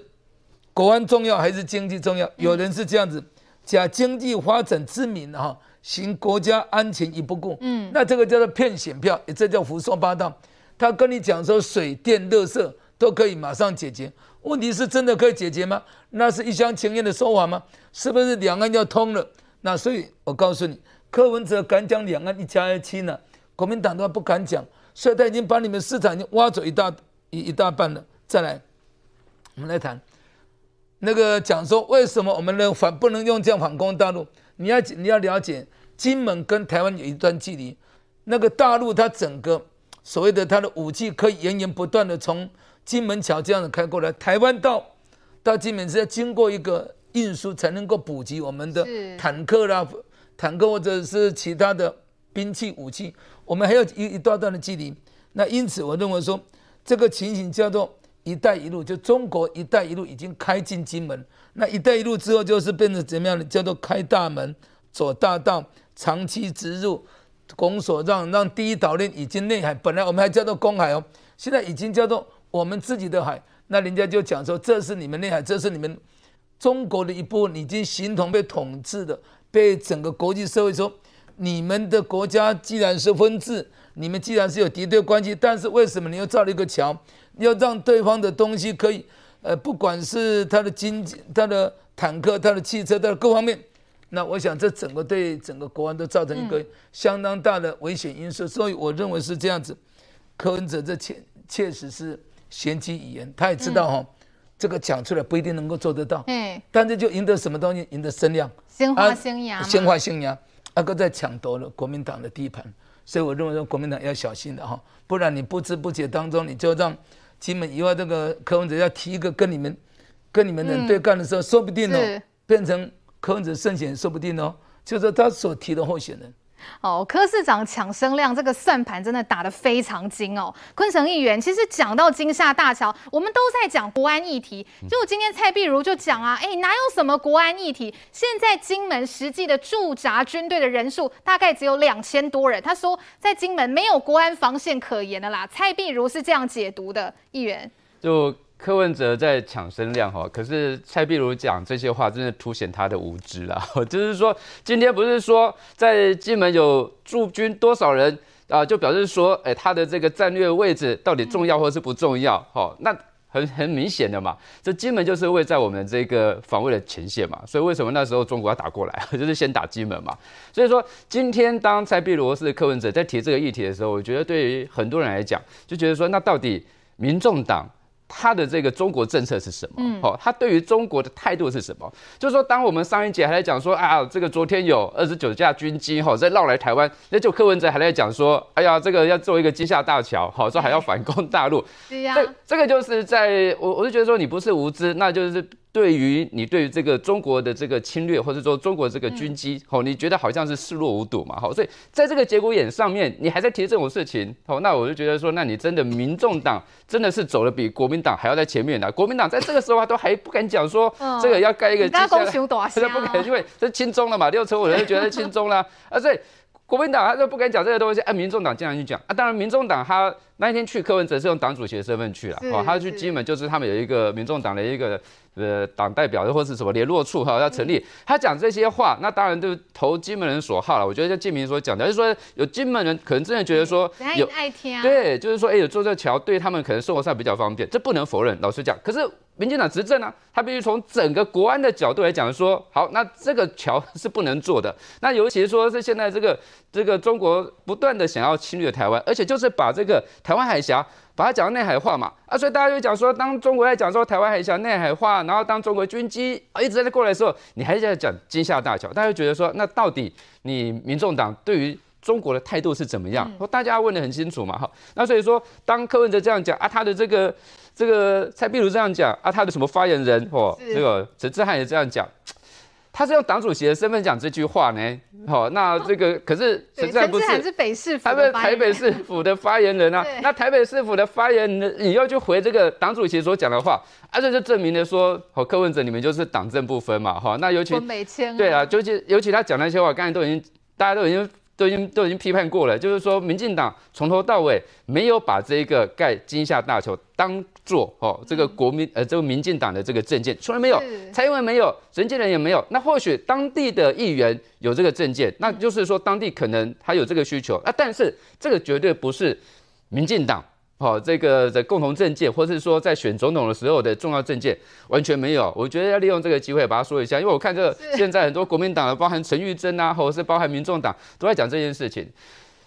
國安重要還是經濟重要？有人是這樣子講：假經濟發展之名，哈，行國家安全於不顧。那這個叫做騙選票，這叫胡說八道。他跟你講說水電垃圾都可以馬上解決，問題是真的可以解決嗎？那是一廂情願的說法嗎？是不是兩岸要通了？那所以，我告訴你，柯文哲敢講兩岸一家親呢，國民黨都還不敢講，所以他已經把你們市場已經挖走一大一,一大半了。再來，我們來談那個講說，為什麼我們反不能用這樣反攻大陸？你要你要了解，金門跟台灣有一段距離，那個大陸它整個所謂的它的武器可以源源不斷的從金門橋這樣子開過來，台灣到到金門是要經過一個。運輸才能夠補給我們的坦克啦，是坦克或者是其他的兵器武器，我們還有一一段段的距離。那因此，我認為說，這個情形叫做“一帶一路”，就中國“一帶一路”已經開進金門。那“一帶一路”之後就是變成怎麼樣呢？叫做開大門、走大道、長驅直入，拱手讓讓第一島鏈已經內海，本來我們還叫做公海哦、喔，現在已經叫做我們自己的海。那人家就講說，這是你們內海，這是你們。中國的一部分已經形同被統治的，被整個國際社會說，你們的國家既然是分治，你們既然是有敵對關係，但是為什麼你又造了一個橋，要讓對方的東西可以，呃，不管是他的經濟、他的坦克、他的汽車，他的各方面，那我想這整個對整個國安都造成一個相當大的危險因素，嗯、所以我認為是這樣子。柯文哲這確確實是言其語言，他也知道哈。嗯這個講出來不一定能夠做得到，嘿但是就贏得什麼東西？贏得聲量，先喊先贏，啊，先喊先贏，啊，阿哥在搶奪了國民黨的地盤，所以我認為說，國民黨要小心的哈，不然你不知不覺當中，你就讓金門以外這個柯文哲要提一個跟你們、跟你們人對幹的時候，嗯、說不定哦，是變成柯文哲勝選，說不定哦，就是他所提的候選人。哦，柯市長搶聲量，這個算盤真的打得非常精哦。坤城議員其實講到金廈大橋，我們都在講國安議題。就今天蔡壁如就講啊，哎、欸，哪有什麼國安議題？現在金門實際的駐扎軍隊的人數大概只有兩千多人。他說，在金門沒有國安防線可言的啦。蔡壁如是這樣解讀的，議員就。柯文哲在搶聲量，可是蔡壁如講這些話，真的凸顯他的無知啦。就是說，今天不是說在金門有駐軍多少人啊，就表示說，欸，他的這個戰略位置到底重要或是不重要？那很很明顯的嘛，這金門就是位在我們這個防衛的前線嘛，所以為什麼那時候中國要打過來，就是先打金門嘛。所以說，今天當蔡壁如是柯文哲在提這個議題的時候，我覺得對於很多人來講，就覺得說，那到底民眾黨？他的這個中國政策是什麼吼？他對於中國的態度是什麼？就是說，當我們上一節還在講說啊，這個昨天有二十九架軍機吼，在繞來台灣，那就柯文哲還在講說，哎呀，這個要做一個金廈大橋，吼，說還要反攻大陸。對呀，這這個就是在我我就覺得說，你不是無知，那就是。對於你對於這個中國的這個侵略，或者說中國這個軍機，哦、嗯，你覺得好像是視若無睹嘛？好，所以在這個節骨眼上面，你還在提這種事情，哦，那我就覺得說，那你真的民眾黨真的是走的比國民黨還要在前面的，啊。國民黨在這個時候、啊、 都還不敢講說這個要蓋一個，那、嗯、不，不敢，因為這親中了嘛，六成我就覺得親中了，啊， 所以國民黨他不敢講這個東西，哎、啊，民眾黨經常去講啊，當然民眾黨他。那一天去柯文哲是用黨主席的身份去了，是是哦，他去金門就是他們有一個民眾黨的一個呃黨代表或是什麼聯絡處哈、哦、要成立，嗯、他講這些話，那當然就投金門人所好了。我覺得像敬平所講的，就是說有金門人可能真的覺得說有愛聽，啊。對，就是說哎、欸、有做這橋對他們可能生活上比較方便，這不能否認，老實講。可是民進黨執政啊，他必須從整個國安的角度來講說，好，那這個橋是不能做的。那尤其是說是現在這個這個中國不斷的想要侵略台灣，而且就是把這個。台灣海峽把它講到內海化嘛，啊，所以大家就講說，當中國在講說台灣海峽內海化，然後當中國軍機啊，一直在過來的時候，你還在講金廈大橋，大家就覺得說，那到底你民眾黨對於中國的態度是怎麼樣？大家問得很清楚嘛，好、嗯，那所以說，當柯文哲這樣講啊，他的這個這個蔡壁如這樣講啊，他的什麼發言人嚯，這是、哦那個陳智菡也這樣講。他是用黨主席的身份講這句話呢？好、嗯哦，那這個可是實在不是，還是北市，台北台北市府的發言人啊。那台北市府的發言人，你要去回這個黨主席所講的話，啊，這就證明了說，好，柯文哲你們就是黨政不分嘛。哈、哦，那尤其啊對啊，尤其尤其他講那些話，剛才都已經大家都已經都已經都已經批判過了，就是說民進黨從頭到尾沒有把這一個蓋金廈大橋當。做哦，這個國民、嗯、呃，這個民進黨的這個政見出來沒有？蔡英文沒有，陳建仁也沒有。那或許當地的議員有這個政見，那就是說當地可能他有這個需求啊。那但是這個絕對不是民進黨哦，這個的共同政見，或是說在選總統的時候的重要政見完全沒有。我覺得要利用這個機會把它說一下，因為我看這個現在很多國民黨包含陳玉珍啊，或者是包含民眾黨都在講這件事情。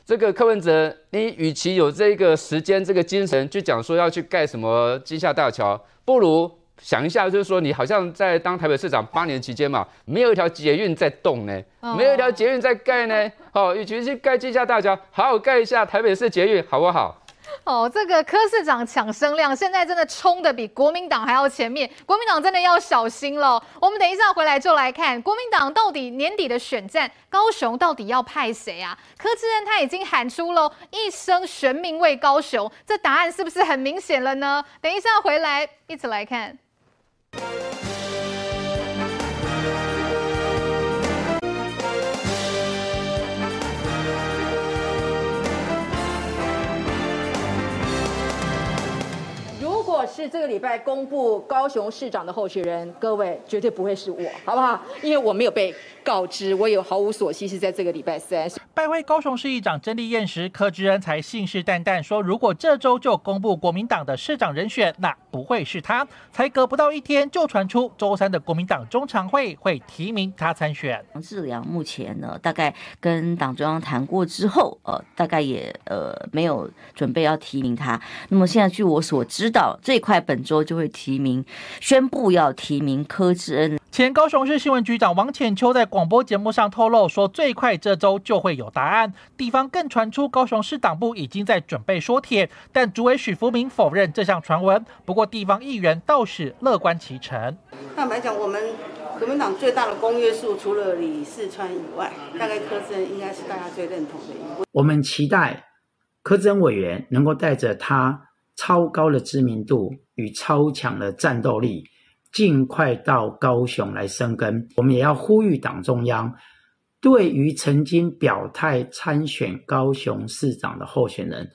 這個柯文哲，你與其有這個時間、這個精神去講說要去蓋什麼金廈大橋，不如想一下，就是說你好像在當台北市長八年期間嘛，沒有一條捷運在動呢，沒有一條捷運在蓋呢。好、哦，與其去蓋金廈大橋，好好蓋一下台北市捷運，好不好？哦，這個柯市長搶聲量，現在真的衝得比國民黨還要前面，國民黨真的要小心了。我們等一下回來就來看國民黨到底年底的選戰，高雄到底要派誰啊？柯志恩他已經喊出了一聲“選民為高雄”，這答案是不是很明顯了呢？等一下回來一起來看。是這個禮拜公布高雄市長的候選人，各位絕對不會是我，好不好？因為我沒有被告知，我也毫無所悉。是在這個禮拜三拜會高雄市議長曾麗燕時，柯志恩才信誓旦旦說，如果這周就公布國民黨的市長人選，那不會是他。才隔不到一天，就傳出周三的國民黨中常會會提名他參選。黃志良目前呢，大概跟黨中央談過之後，呃，大概也呃沒有準備要提名他。那麼現在據我所知道這一塊。快本周就會提名，宣布要提名柯志恩。前高雄市新聞局長王淺秋在廣播節目上透露說，最快這周就會有答案。地方更傳出高雄市黨部已經在準備說帖，但主委許福明否認這項傳聞。不過地方議員倒是樂觀其成。坦白講，我們國民黨最大的公約數除了李四川以外，大概柯志恩應該是大家最認同的一位，我們期待柯志恩委員能夠帶着他超高的知名度與超強的戰鬥力，盡快到高雄來生根。我們也要呼籲黨中央，對於曾經表態參選高雄市長的候選人，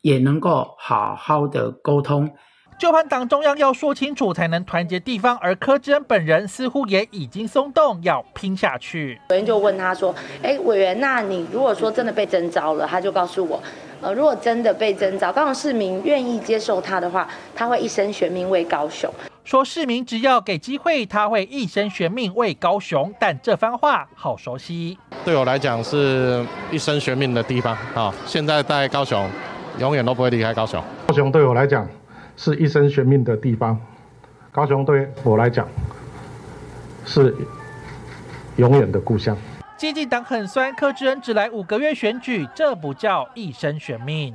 也能夠好好的溝通。就盼黨中央要說清楚，才能團結地方。而柯志恩本人似乎也已經鬆動，要拼下去。昨天就問他說：“哎，委員，那你如果說真的被徵召了？”他就告訴我：“呃，如果真的被徵召，高雄市民願意接受他的話，他會一生懸命為高雄。”說市民只要給機會，他會一生懸命為高雄。但這番話好熟悉，對我來講是一生懸命的地方好，現在在高雄，永遠都不會離開高雄。高雄對我來講，是一生懸命的地方，高雄對我來講是永遠的故鄉。基進黨很酸，柯志恩只來五個月選舉，這不叫一生懸命。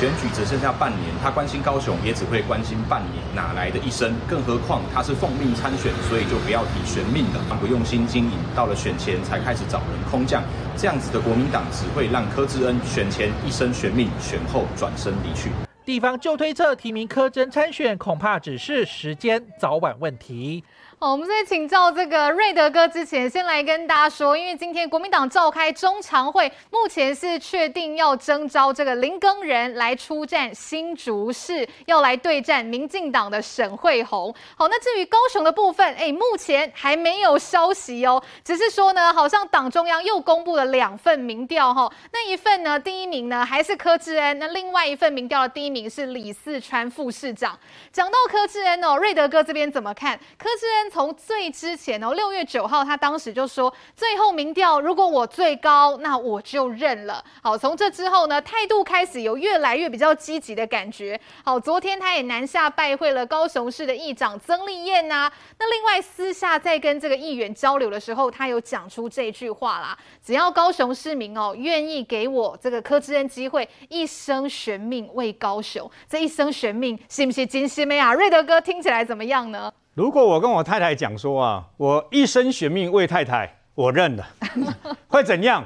選舉只剩下半年，他關心高雄也只會關心半年,哪來的一生？更何況他是奉命參選，所以就不要提懸命的。他不用心經營，到了選前才開始找人空降，這樣子的國民黨只會讓柯志恩選前一生懸命，選後轉身離去。地方就推測，提名柯志恩參選，恐怕只是時間早晚問題。好，我們在請教這個瑞德哥之前，先來跟大家說，因為今天國民黨召開中常會，目前是確定要徵召這個林耕仁來出戰新竹市，要來對戰民進黨的沈慧虹。好，那至於高雄的部分，哎、欸，目前還沒有消息哦，只是說呢，好像黨中央又公布了兩份民調，哈，那一份呢，第一名呢還是柯志恩，那另外一份民調的第一名是李四川副市長。講到柯志恩哦，瑞德哥這邊怎麼看？柯志恩？從最之前哦，六月九號，他當時就說，最後民調如果我最高，那我就認了。好，從這之後呢，態度開始有越來越比較積極的感覺。好，昨天他也南下拜會了高雄市的議長曾麗燕吶、啊。那另外私下在跟這個議員交流的時候，他有講出這句話啦：只要高雄市民哦，願意給我這個柯志恩機會，一生懸命爲高雄，這一生懸命，信不信金夕妹啊？瑞德哥聽起來怎麼樣呢？如果我跟我太太講說啊，我一生懸命為太太，我認了， 會怎樣？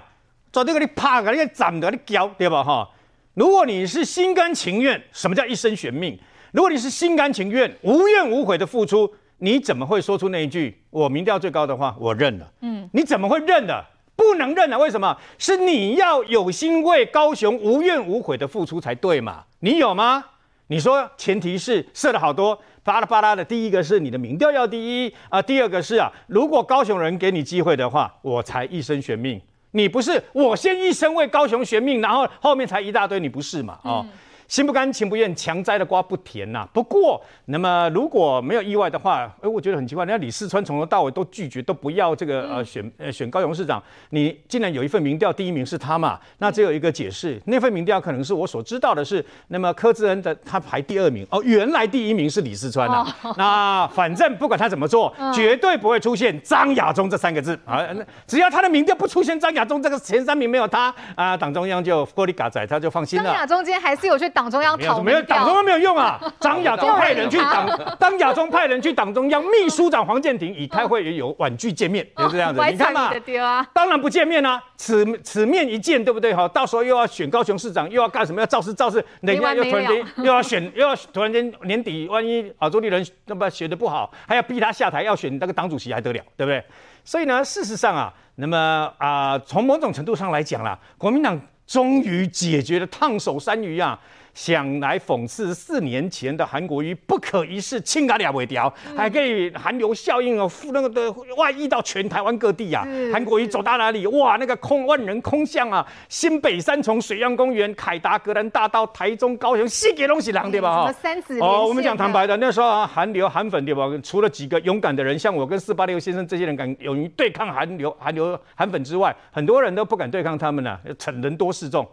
早就給你啪，給你個掌，給你，給你對吧？哈！如果你是心甘情願，什麼叫一生懸命？如果你是心甘情願、無怨無悔的付出，你怎麼會說出那一句我民調最高的話？我認了。嗯，你怎麼會認的？不能認的，為什麼？是你要有心為高雄無怨無悔的付出才對嘛？你有嗎？你說，前提是設了好多。巴拉巴拉的，第一個是你的民調要第一啊，呃，第二個是啊，如果高雄人給你機會的話，我才一生懸命，你不是，我先一生為高雄懸命，然後後面才一大堆，你不是嘛，啊，哦。嗯心不甘情不願，強摘的瓜不甜吶、啊。不過，那麼如果沒有意外的話，哎、欸，我覺得很奇怪，人家李四川從頭到尾都拒絕，都不要這個呃選呃選高雄市長，你竟然有一份民調，第一名是他嘛？那只有一個解釋，那份民調可能是我所知道的是，那麼柯志恩的他排第二名哦，原來第一名是李四川吶、啊。哦、那反正不管他怎麼做，哦、絕對不會出現張亞中這三個字啊。那只要他的民調不出現張亞中這個前三名沒有他啊，黨中央就玻利嘎仔他就放心了。張亞中間還是有些。黨中央沒有沒有，黨中央沒有用啊！張亞中派人去黨，張 亞中派人去黨中央秘書長黃建庭以開會，有婉拒見面，也、哦、是這樣子。哦、你看嘛，啊、當然不見面啊！此此面一見，對不對、啊？哈，到時候又要選高雄市長，又要幹什麼？要造勢造勢，人家又突然間又要選，又要選 突然間年底，萬一啊周立人那麼選的不好，還要逼他下台，要選那個黨主席還得了，對不對？所以呢，事實上啊，那麼啊、呃，從某種程度上來講啦，國民黨終於解決了燙手山芋啊。想來諷刺，四年前的韓國瑜不可一世，輕他倆不掉，嗯、還可以韓流效應啊、哦，那個的外溢到全台灣各地啊。韓國瑜走到哪裡，哇，那個空萬人空巷啊，新北三重、水漾公園、凱達格蘭大道、台中高雄，西給東西郎對吧？三哦，我們講坦白的，那時候啊，韓流韓粉對吧？除了幾個勇敢的人，像我跟四八六先生這些人敢勇於對抗韓流、韓流、韓粉之外，很多人都不敢對抗他們啊，要逞人多勢眾。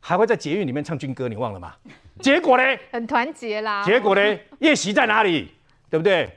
還會在捷運裡面唱軍歌，你忘了嗎？結果呢？很團結啦、哦。結果呢？夜襲在哪裡？對不對？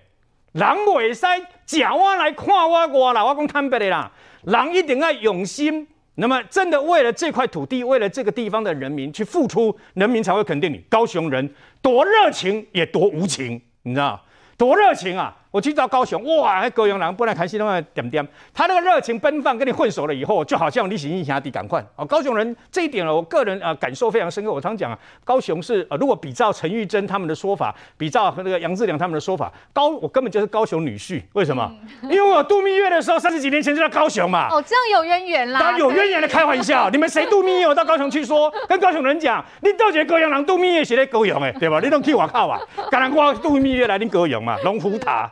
狼尾山，腳啊來誇我，我啦，我講坦白的啦，人一定要用心。那麼，真的為了這塊土地，為了這個地方的人民去付出，人民才會肯定你。高雄人多熱情也多無情，你知道？多熱情啊！我去到高雄，哇，高雄人本來看是那麼點點，他那個熱情奔放，跟你混熟了以後，就好像你顯龍兄弟趕快哦。高雄人這一點我個人啊感受非常深刻。我常講啊，高雄是呃，如果比照陳玉珍他們的說法，比照和那個楊志良他們的說法，高我根本就是高雄女婿。為什麼？因為我度蜜月的時候，三十幾年前就到高雄嘛。哦，這樣有淵源啦。有淵源的開玩笑，你們誰度蜜月到高雄去說，跟高雄人講，你到底在高雄人度蜜月是咧高雄的，對吧？你都去外口啊，甲人我度蜜月來恁高雄嘛，龍虎塔。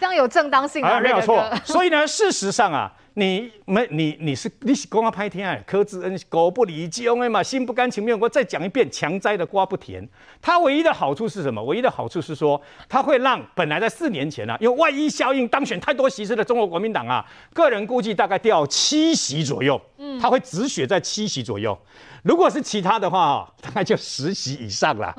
這樣有正當性喔，啊，沒有錯。歌 所以呢，事實上啊。 你你你，你是你是公安拍天啊，柯志恩狗不理 G O 為嘛心不甘情不願，我再講一遍強摘的瓜不甜，它唯一的好處是什麼？唯一的好處是說它會讓本來在四年前啊，因為萬一效應當選太多席次的中國國民黨啊，個人估計大概掉七席左右，嗯，他會止血在七席左右。嗯、如果是其他的話，大概就十席以上了，啊、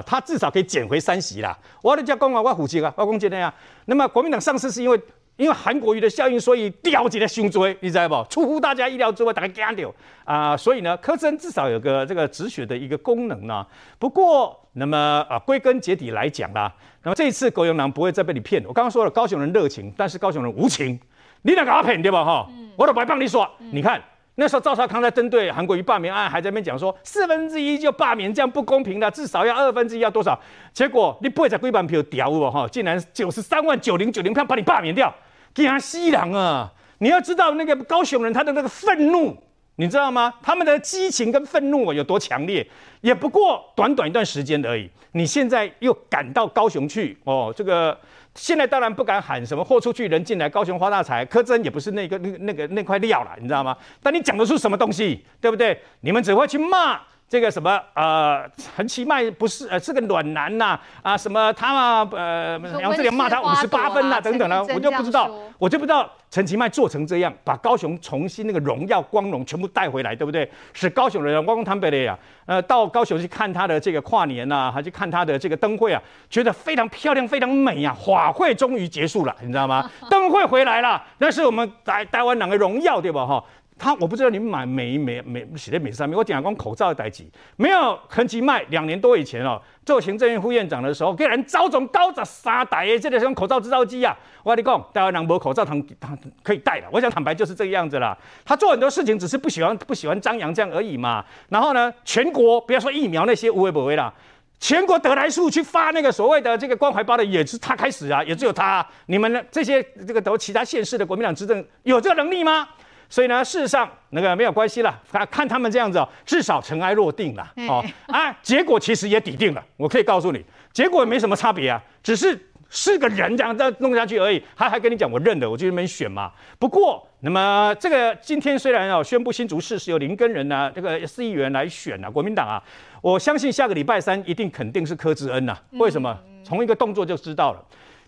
嗯，他、呃、至少可以撿回三席啦。我的家公啊，我虎極啊，我講今天那麼國民黨上次是因為。因為韓國瑜的效應，所以掉起了胸椎，你知道不？出乎大家意料之外，大概這樣掉啊，所以呢，柯政至少有個這個止血的一個功能呢、啊。不過，那麼啊，歸根結底來講啦，那麼這次狗勇男不會再被你騙。我剛剛說了，高雄人熱情，但是高雄人無情，你兩個阿騙對吧？哈、嗯，我都不會幫你說，你看。嗯嗯那時候趙少康在針對韓國瑜罷免案，還在那邊講說四分之一就罷免，這樣不公平的，至少要二分之一，要多少？結果你不會在貴板票屌我哈，竟然九十三萬九零九零票把你罷免掉，給他吸涼啊！你要知道那個高雄人他的那個憤怒，你知道嗎？他們的激情跟憤怒有多強烈？也不過短短一段時間而已，你現在又趕到高雄去哦，這個。現在當然不敢喊什麼貨出去，人進來，高雄發大財。柯志恩也不是那個、那、那個、那塊料了，你知道嗎？但你講的是什麼東西，對不對？你們只會去罵。這個什麼呃，陳其邁不是呃是個暖男吶啊，啊什麼他嘛呃楊志良罵他五十八分吶、啊、等等呢、啊，我就不知道，嗯、我就不知道陳其邁做成這樣，把高雄重新那個榮耀光榮全部帶回來，對不對？是高雄人觀光攤牌了呀，呃到高雄去看他的這個跨年吶、啊，還去看他的這個燈會啊，覺得非常漂亮非常美呀、啊，法會終於結束了，你知道嗎？燈會回來了，那是我們台台灣人的榮耀，對不哈？他我不知道你們買沒買，沒寫的沒上面。我講講口罩的代誌，沒有很急賣。兩年多以前哦，做行政院副院長的時候，給人招中高澤沙逮，這個是用口罩制造機啊，我跟你講，台灣能做口罩，他他可以戴的。我想坦白，就是這個樣子啦。他做很多事情，只是不喜歡不喜歡張揚這樣而已嘛。然後呢，全國不要說疫苗那些無微不微啦。全國德來數去發那個所謂的這個關懷包的，也是他開始啊，也只有他啊。你們這些這個都其他縣市的國民黨執政有這個能力嗎？所以呢，事實上那個沒有關係啦。看他們這樣子哦，至少塵埃落定了哦。嘿嘿啊，結果其實也底定了。我可以告訴你，結果沒什麼差別啊，只是四個人這樣子弄下去而已。他還跟你講，我認了，我就那邊選嘛。不過，那麼這個今天雖然要宣布新竹市是由林耕仁呢、啊、這個市議員來選啊，國民黨啊，我相信下個禮拜三一定肯定是柯志恩吶、啊。為什麼？從一個動作就知道了。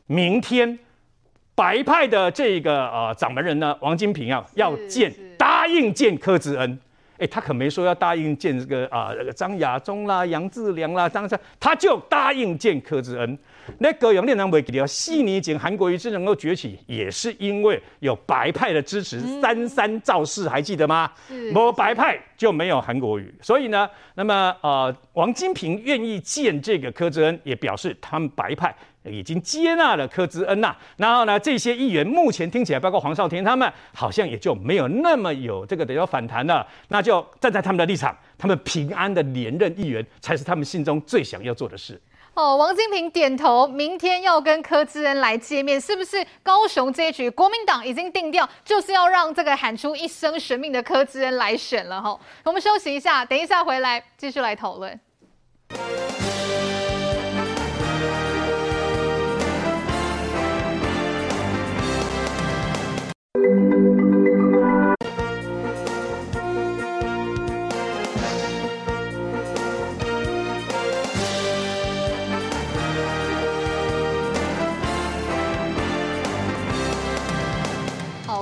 明天。白派的這個啊、呃、掌門人呢，王金平啊，要見，答應見柯志恩，哎、欸，他可沒說要答應見這個啊張亞中啦、楊志良啦，張三他就答應見柯志恩。嗯、那個楊立南不給你說，四年前韓國瑜之能夠崛起，也是因為有白派的支持，嗯、三山造勢還記得嗎？沒白派就沒有韓國瑜，所以呢，那麼呃王金平願意見這個柯志恩，也表示他們白派。已經接納了柯志恩吶、啊，然後呢，這些議員目前聽起來，包括黃少天他們，好像也就沒有那麼有這個得要反彈了。那就站在他們的立場，他們平安的連任議員，才是他們心中最想要做的事。哦，王金平點頭，明天要跟柯志恩來見面，是不是？高雄這一局，國民黨已經定調，就是要讓這個喊出「一生懸命」的柯志恩來選了哈、哦。我們休息一下，等一下回來繼續來討論。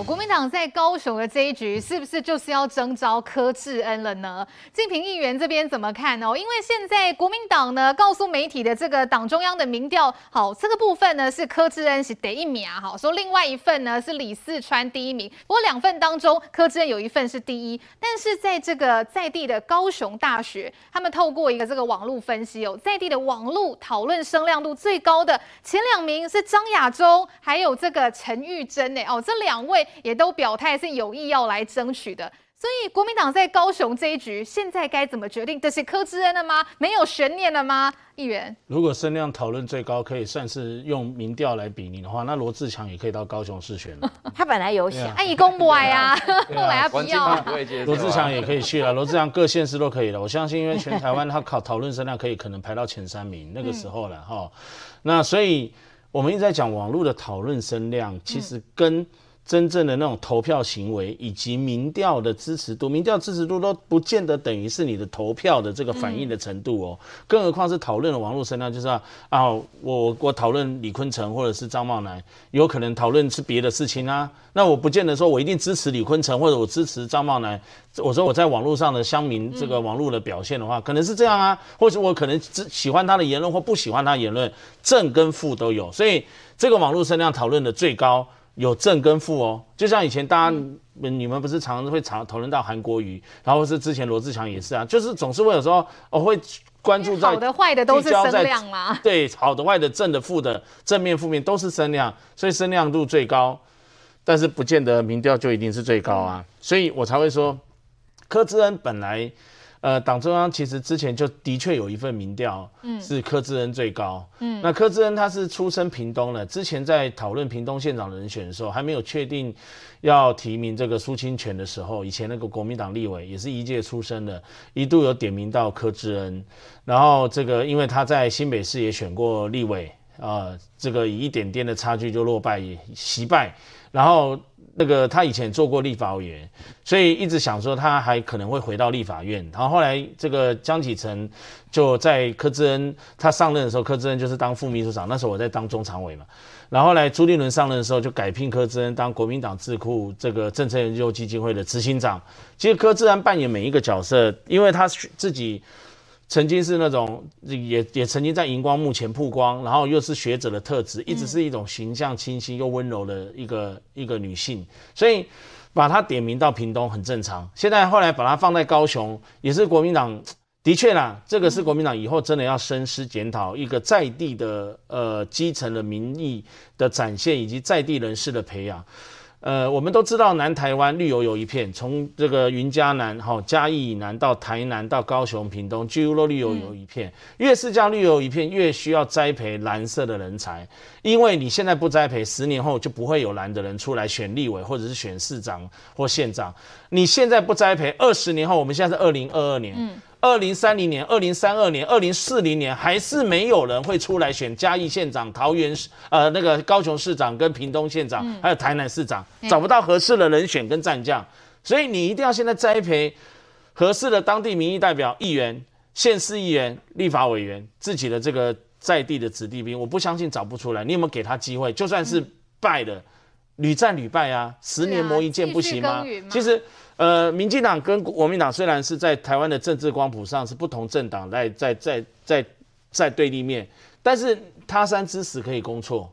國民黨在高雄的這一局，是不是就是要徵召柯志恩了呢？敬平議員這邊怎麼看呢、哦？因為現在國民黨呢告訴媒體的這個黨中央的民調，好，這個部分呢是柯志恩是第一名啊，好，說另外一份呢是李四川第一名。不過兩份當中，柯志恩有一份是第一，但是在這個在地的高雄大學，他們透過一個這個網路分析哦，在地的網路討論聲量度最高的前兩名是張亞洲還有這個陳玉珍誒，哦，這兩位。也都表態是有意要來爭取的，所以國民黨在高雄這一局現在該怎麼決定？這是柯志恩了嗎？沒有懸念了嗎？議員，如果聲量討論最高，可以算是用民調來比擬的話，那羅志強也可以到高雄市選 他本來有想，哎 Yeah,、啊，攻不愛呀，後來他不要。羅志強也可以去了，羅 志強各縣市都可以了。我相信，因為全台灣他考討論聲量可以可能排到前三名 那個時候了哈。 那所以我們一直在講網絡的討論聲量，其實跟、 嗯真正的那種投票行為以及民調的支持度，民調支持度都不見得等於是你的投票的這個反應的程度哦。更何況是討論的網絡聲量，就是啊，啊，我我討論李坤城或者是張茂楠，有可能討論是別的事情啊。那我不見得說我一定支持李坤城，或者我支持張茂楠。我說我在網絡上的鄉民這個網絡的表現的話，可能是這樣啊，或者我可能只喜歡他的言論或不喜歡他的言論，正跟負都有。所以這個網絡聲量討論的最高。有正跟負哦，就像以前大家、嗯、你們不是常常會常討論到韓國瑜，然後是之前羅志強也是啊，就是總是會有時候哦會關注到好的壞的都是聲量嘛，對，好的壞的正的負的正面負面都是聲量，所以聲量度最高，但是不見得民調就一定是最高啊，所以我才會說柯志恩本來。呃，黨中央其實之前就的確有一份民調，嗯，是柯志恩最高，嗯，那柯志恩他是出身屏東的，嗯、之前在討論屏東縣長的人選的時候，還沒有確定要提名這個蘇清泉的時候，以前那個國民黨立委也是一屆出身的，一度有點名到柯志恩，然後這個因為他在新北市也選過立委，啊、呃，這個以一點點的差距就落敗，惜敗，然後。那個他以前做過立法委員，所以一直想說他還可能會回到立法院。然後後來這個江啟臣就在柯志恩他上任的時候，柯志恩就是當副秘書長，那時候我在當中常委嘛。然後來朱立倫上任的時候就改聘柯志恩當國民黨智庫這個政策研究基金會的執行長。其實柯志恩扮演每一個角色，因為他自己。曾經是那種也也曾經在熒光幕前曝光，然後又是學者的特質，一直是一種形象清新又溫柔的一個、嗯、一個女性，所以把她點名到屏東很正常。現在後來把她放在高雄，也是國民黨的確啦，這個是國民黨以後真的要深思檢討，一個在地的呃基層的民意的展現，以及在地人士的培養。呃，我們都知道南台灣綠油油一片，從這個雲嘉南、哈、哦、嘉義以南到台南、到高雄、屏東，幾乎都綠油油一片。嗯、越是這樣綠油一片，越需要栽培藍色的人才，因為你現在不栽培，十年後就不會有藍的人出來選立委，或者是選市長或縣長。你現在不栽培，二十年後，我們現在是二零二二年。嗯二零三零年，二零三二年，二零四零年，還是沒有人會出來選嘉義縣長、桃園市呃那個高雄市長跟屏東縣長，嗯、還有台南市長，嗯、找不到合適的人選跟戰將，所以你一定要現在栽培合適的當地民意代表、議員、縣市議員、立法委員，自己的這個在地的子弟兵，我不相信找不出來。你有沒有給他機會？就算是敗了，屢、嗯、戰屢敗啊，十年磨一劍不行嗎？嗎其實。呃，民進黨跟國民黨雖然是在台灣的政治光譜上是不同政黨，在在在在在對立面，但是他山之石可以攻錯。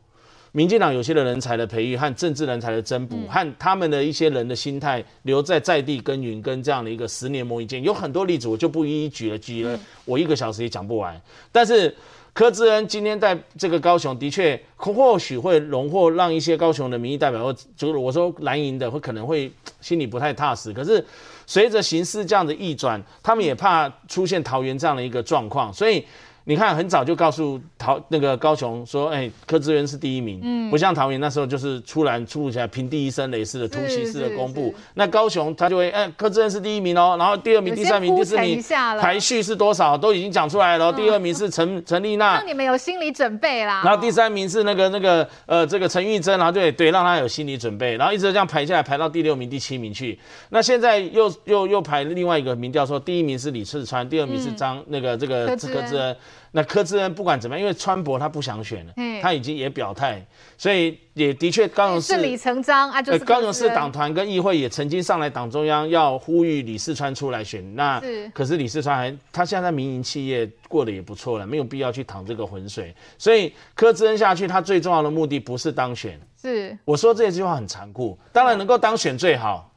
民進黨有些的人才的培育和政治人才的增補，嗯、和他們的一些人的心態留在在地耕耘，跟這樣的一個十年磨一劍，有很多例子我就不一一舉了，舉了對我一個小時也講不完。但是。柯志恩今天在這個高雄，的確或許會榮獲，讓一些高雄的民意代表，就我說藍營的，會可能會心裡不太踏實。可是，隨着形勢這樣的逆轉，他們也怕出現桃園這樣的一個狀況，所以。你看，很早就告訴桃，那個高雄說，哎，柯志恩是第一名，嗯，不像桃園那時候就是突然出一下，平地一聲雷似的突襲式的公布，那高雄他就會，哎，柯志恩是第一名哦，然後第二名、第三名、第四名，排序是多少都已經講出來了，第二名是陳陳麗娜，讓你們有心理準備啦。然後第三名是那個那個呃這個陳玉珍，然後對對，讓他有心理準備，然後一直這樣排下來，排到第六名、第七名去。那現在又又又排另外一個民調說，第一名是李四川，第二名是張那個這個柯柯志恩。那柯志恩不管怎麼樣，因為川伯他不想選了，他已經也表態，所以也的確高雄市順理成章啊，就是高雄市黨團跟議會也曾經上來黨中央要呼籲李四川出來選。那可是李四川還他現在，在民營企業過得也不錯了，沒有必要去淌這個渾水。所以柯志恩下去，他最重要的目的不是當選。是，我說這句話很殘酷，當然能夠當選最好，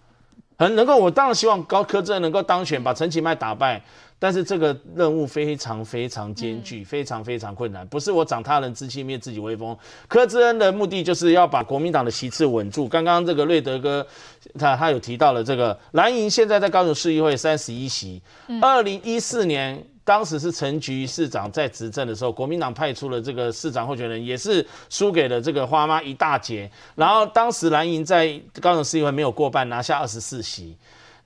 很能夠我當然希望高柯志恩能夠當選，把陳其邁打敗。但是這個任務非常非常艱巨，非常非常困難。不是我長他人志氣，滅自己威風。柯志恩的目的就是要把國民黨的席次穩住。剛剛這個瑞德哥，他他有提到了這個藍營現在在高雄市議會三十一席。二零一四年當時是陳菊市長在執政的時候，國民黨派出了這個市長候選人，也是輸給了這個花媽一大截。然後當時藍營在高雄市議會沒有過半，拿下二十四席。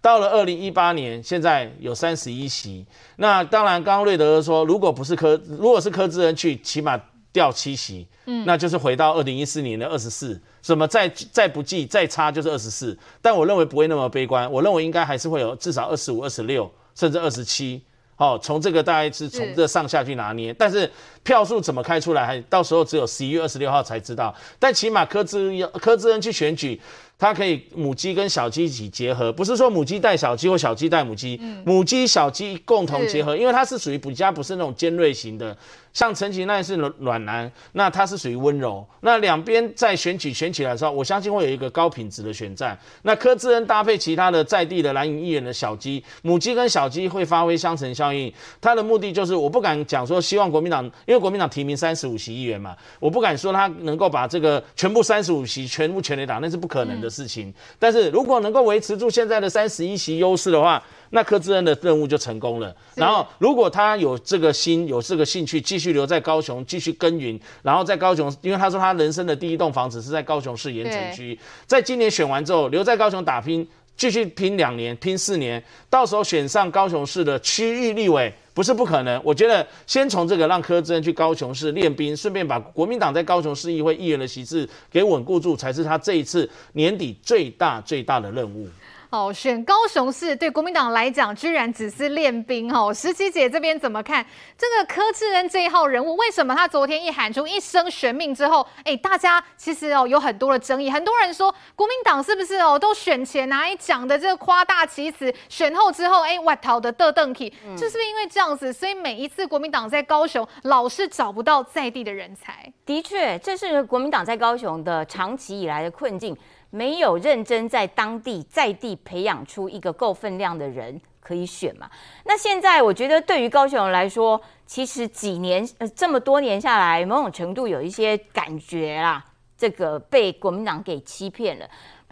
到了二零一八年，現在有三十一席。那當然，剛剛瑞德說，如果不是柯，如果是柯志恩去，起碼掉七席，嗯，那就是回到二零一四年的二十四。什麼再再不濟，再差就是二十四。但我認為不會那麼悲觀，我認為應該還是會有至少二十五、二十六，甚至二十七。好，從這個大概是從這上下去拿捏。是，但是票數怎麼開出來，還到時候只有十一月二十六號才知道。但起碼柯志柯志恩去選舉。它可以母雞跟小雞一起結合，不是說母雞帶小雞或小雞帶母雞，母雞小雞共同結合，因為它是屬於比較，不是那種尖銳型的。像陳其那是暖男，那它是屬於溫柔。那兩邊在選舉選舉的時候，我相信會有一個高品質的選戰。那柯志恩搭配其他的在地的藍營議員的小雞母雞跟小雞會發揮相乘效應。他的目的就是，我不敢講說希望國民黨，因為國民黨提名三十五席議員嘛，我不敢說他能夠把這個全部三十五席全部全壘打，那是不可能的。嗯事情，但是如果能夠維持住現在的三十一席優勢的話，那柯志恩的任務就成功了。是然後，如果他有這個心，有這個興趣，繼續留在高雄，繼續耕耘，然後在高雄，因為他說他人生的第一棟房子是在高雄市鹽埕區，對在今年選完之後，留在高雄打拼。繼續拼兩年，拼四年，到時候選上高雄市的區域立委不是不可能。我覺得先從這個讓柯志恩去高雄市練兵，順便把國民黨在高雄市議會議員的席次給穩固住，才是他這一次年底最大最大的任務。好、哦，選高雄市對國民黨來講，居然只是練兵。哦，時齊姐這邊怎麼看這個柯志恩這一號人物？為什麼他昨天一喊出一生懸命之後、欸，大家其實哦有很多的爭議，很多人說國民黨是不是哦都選前一、啊、講的這個誇大其詞，選後之後哎，哇、欸，逃得得登天，嗯、就是因為這樣子，所以每一次國民黨在高雄老是找不到在地的人才。的確，這是國民黨在高雄的長期以來的困境。沒有認真在當地在地培養出一個夠分量的人可以選嘛？那現在我覺得對於高雄來說，其實幾年呃這麼多年下來，某種程度有一些感覺啦，這個被國民黨給欺騙了。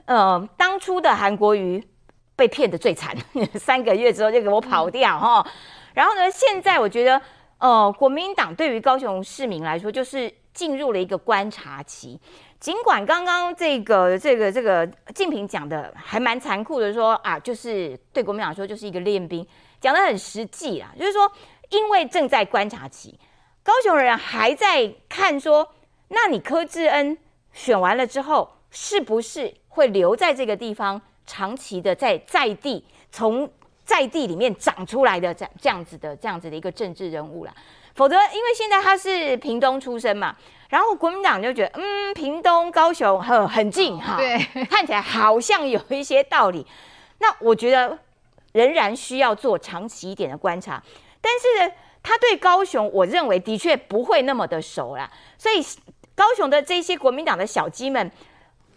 呃，當初的韓國瑜被騙得最慘，三個月之後就給我跑掉哈、哦。然後呢，現在我覺得呃，國民黨對於高雄市民來說，就是進入了一個觀察期。儘管剛剛這個這個這個敬平講的還蠻殘酷的說，說啊，就是對國民黨說，就是一個練兵，講的很實際啦，就是說，因為正在觀察期，高雄人還在看說，那你柯志恩選完了之後，是不是會留在這個地方，長期的在在地，從在地裡面長出來的這這樣子的這樣子的一個政治人物啦？否則，因為現在他是屏東出身嘛。然後國民黨就覺得，嗯，屏東、高雄很很近哈，哦、對呵呵看起來好像有一些道理。那我覺得仍然需要做長期一點的觀察。但是呢，他對高雄，我認為的確不會那麼的熟啦。所以高雄的這些國民黨的小雞們，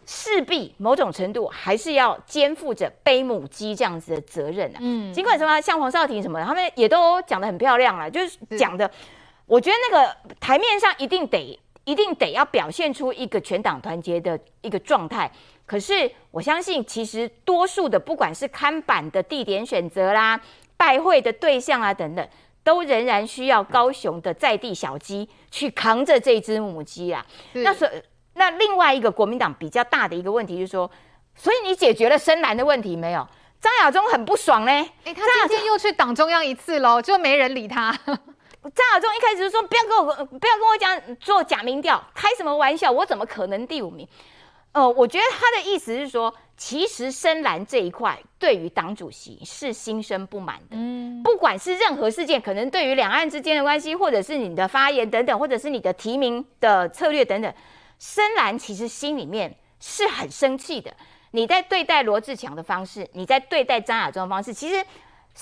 勢必某種程度還是要肩負着背母雞這樣子的責任啊。嗯，儘管什麼，像黃紹庭什麼的，他們也都講得很漂亮啊，就是講的，是，我覺得那個台面上一定得。一定得要表現出一個全黨團結的一個狀態。可是我相信，其實多數的不管是看板的地點選擇啦、拜會的對象啊等等，都仍然需要高雄的在地小雞去扛着這隻母雞啊是 那所。那那另外一個國民黨比較大的一個問題就是說，所以你解決了深藍的問題沒有？張亞中很不爽呢哎，欸、他今天又去黨中央一次嘍，就沒人理他。 張亞中一開始就說：“不要跟我，不要跟我講做假民調，開什麼玩笑？我怎麼可能第五名？”呃，我覺得他的意思是說，其實深藍這一塊對於黨主席是心生不滿的。嗯，不管是任何事件，可能對於兩岸之間的關係，或者是你的發言等等，或者是你的提名的策略等等，深藍其實心裡面是很生氣的。你在對待羅智強的方式，你在對待張亞中的方式，其實。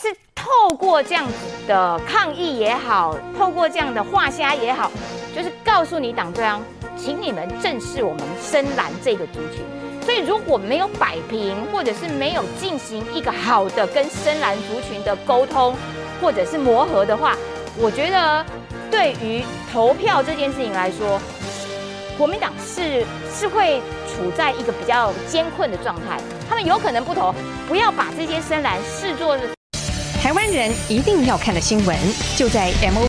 是透過這樣子的抗議也好，透過這樣的畫蝦也好，就是告訴你黨中央，啊，請你們正視我們深藍這個族群。所以如果沒有擺平，或者是沒有進行一個好的跟深藍族群的溝通或者是磨合的話，我覺得對於投票這件事情來說，國民黨是是會處在一個比較艱困的狀態。他們有可能不投，不要把這些深藍視作是。台灣人一定要看的新聞，就在 MO。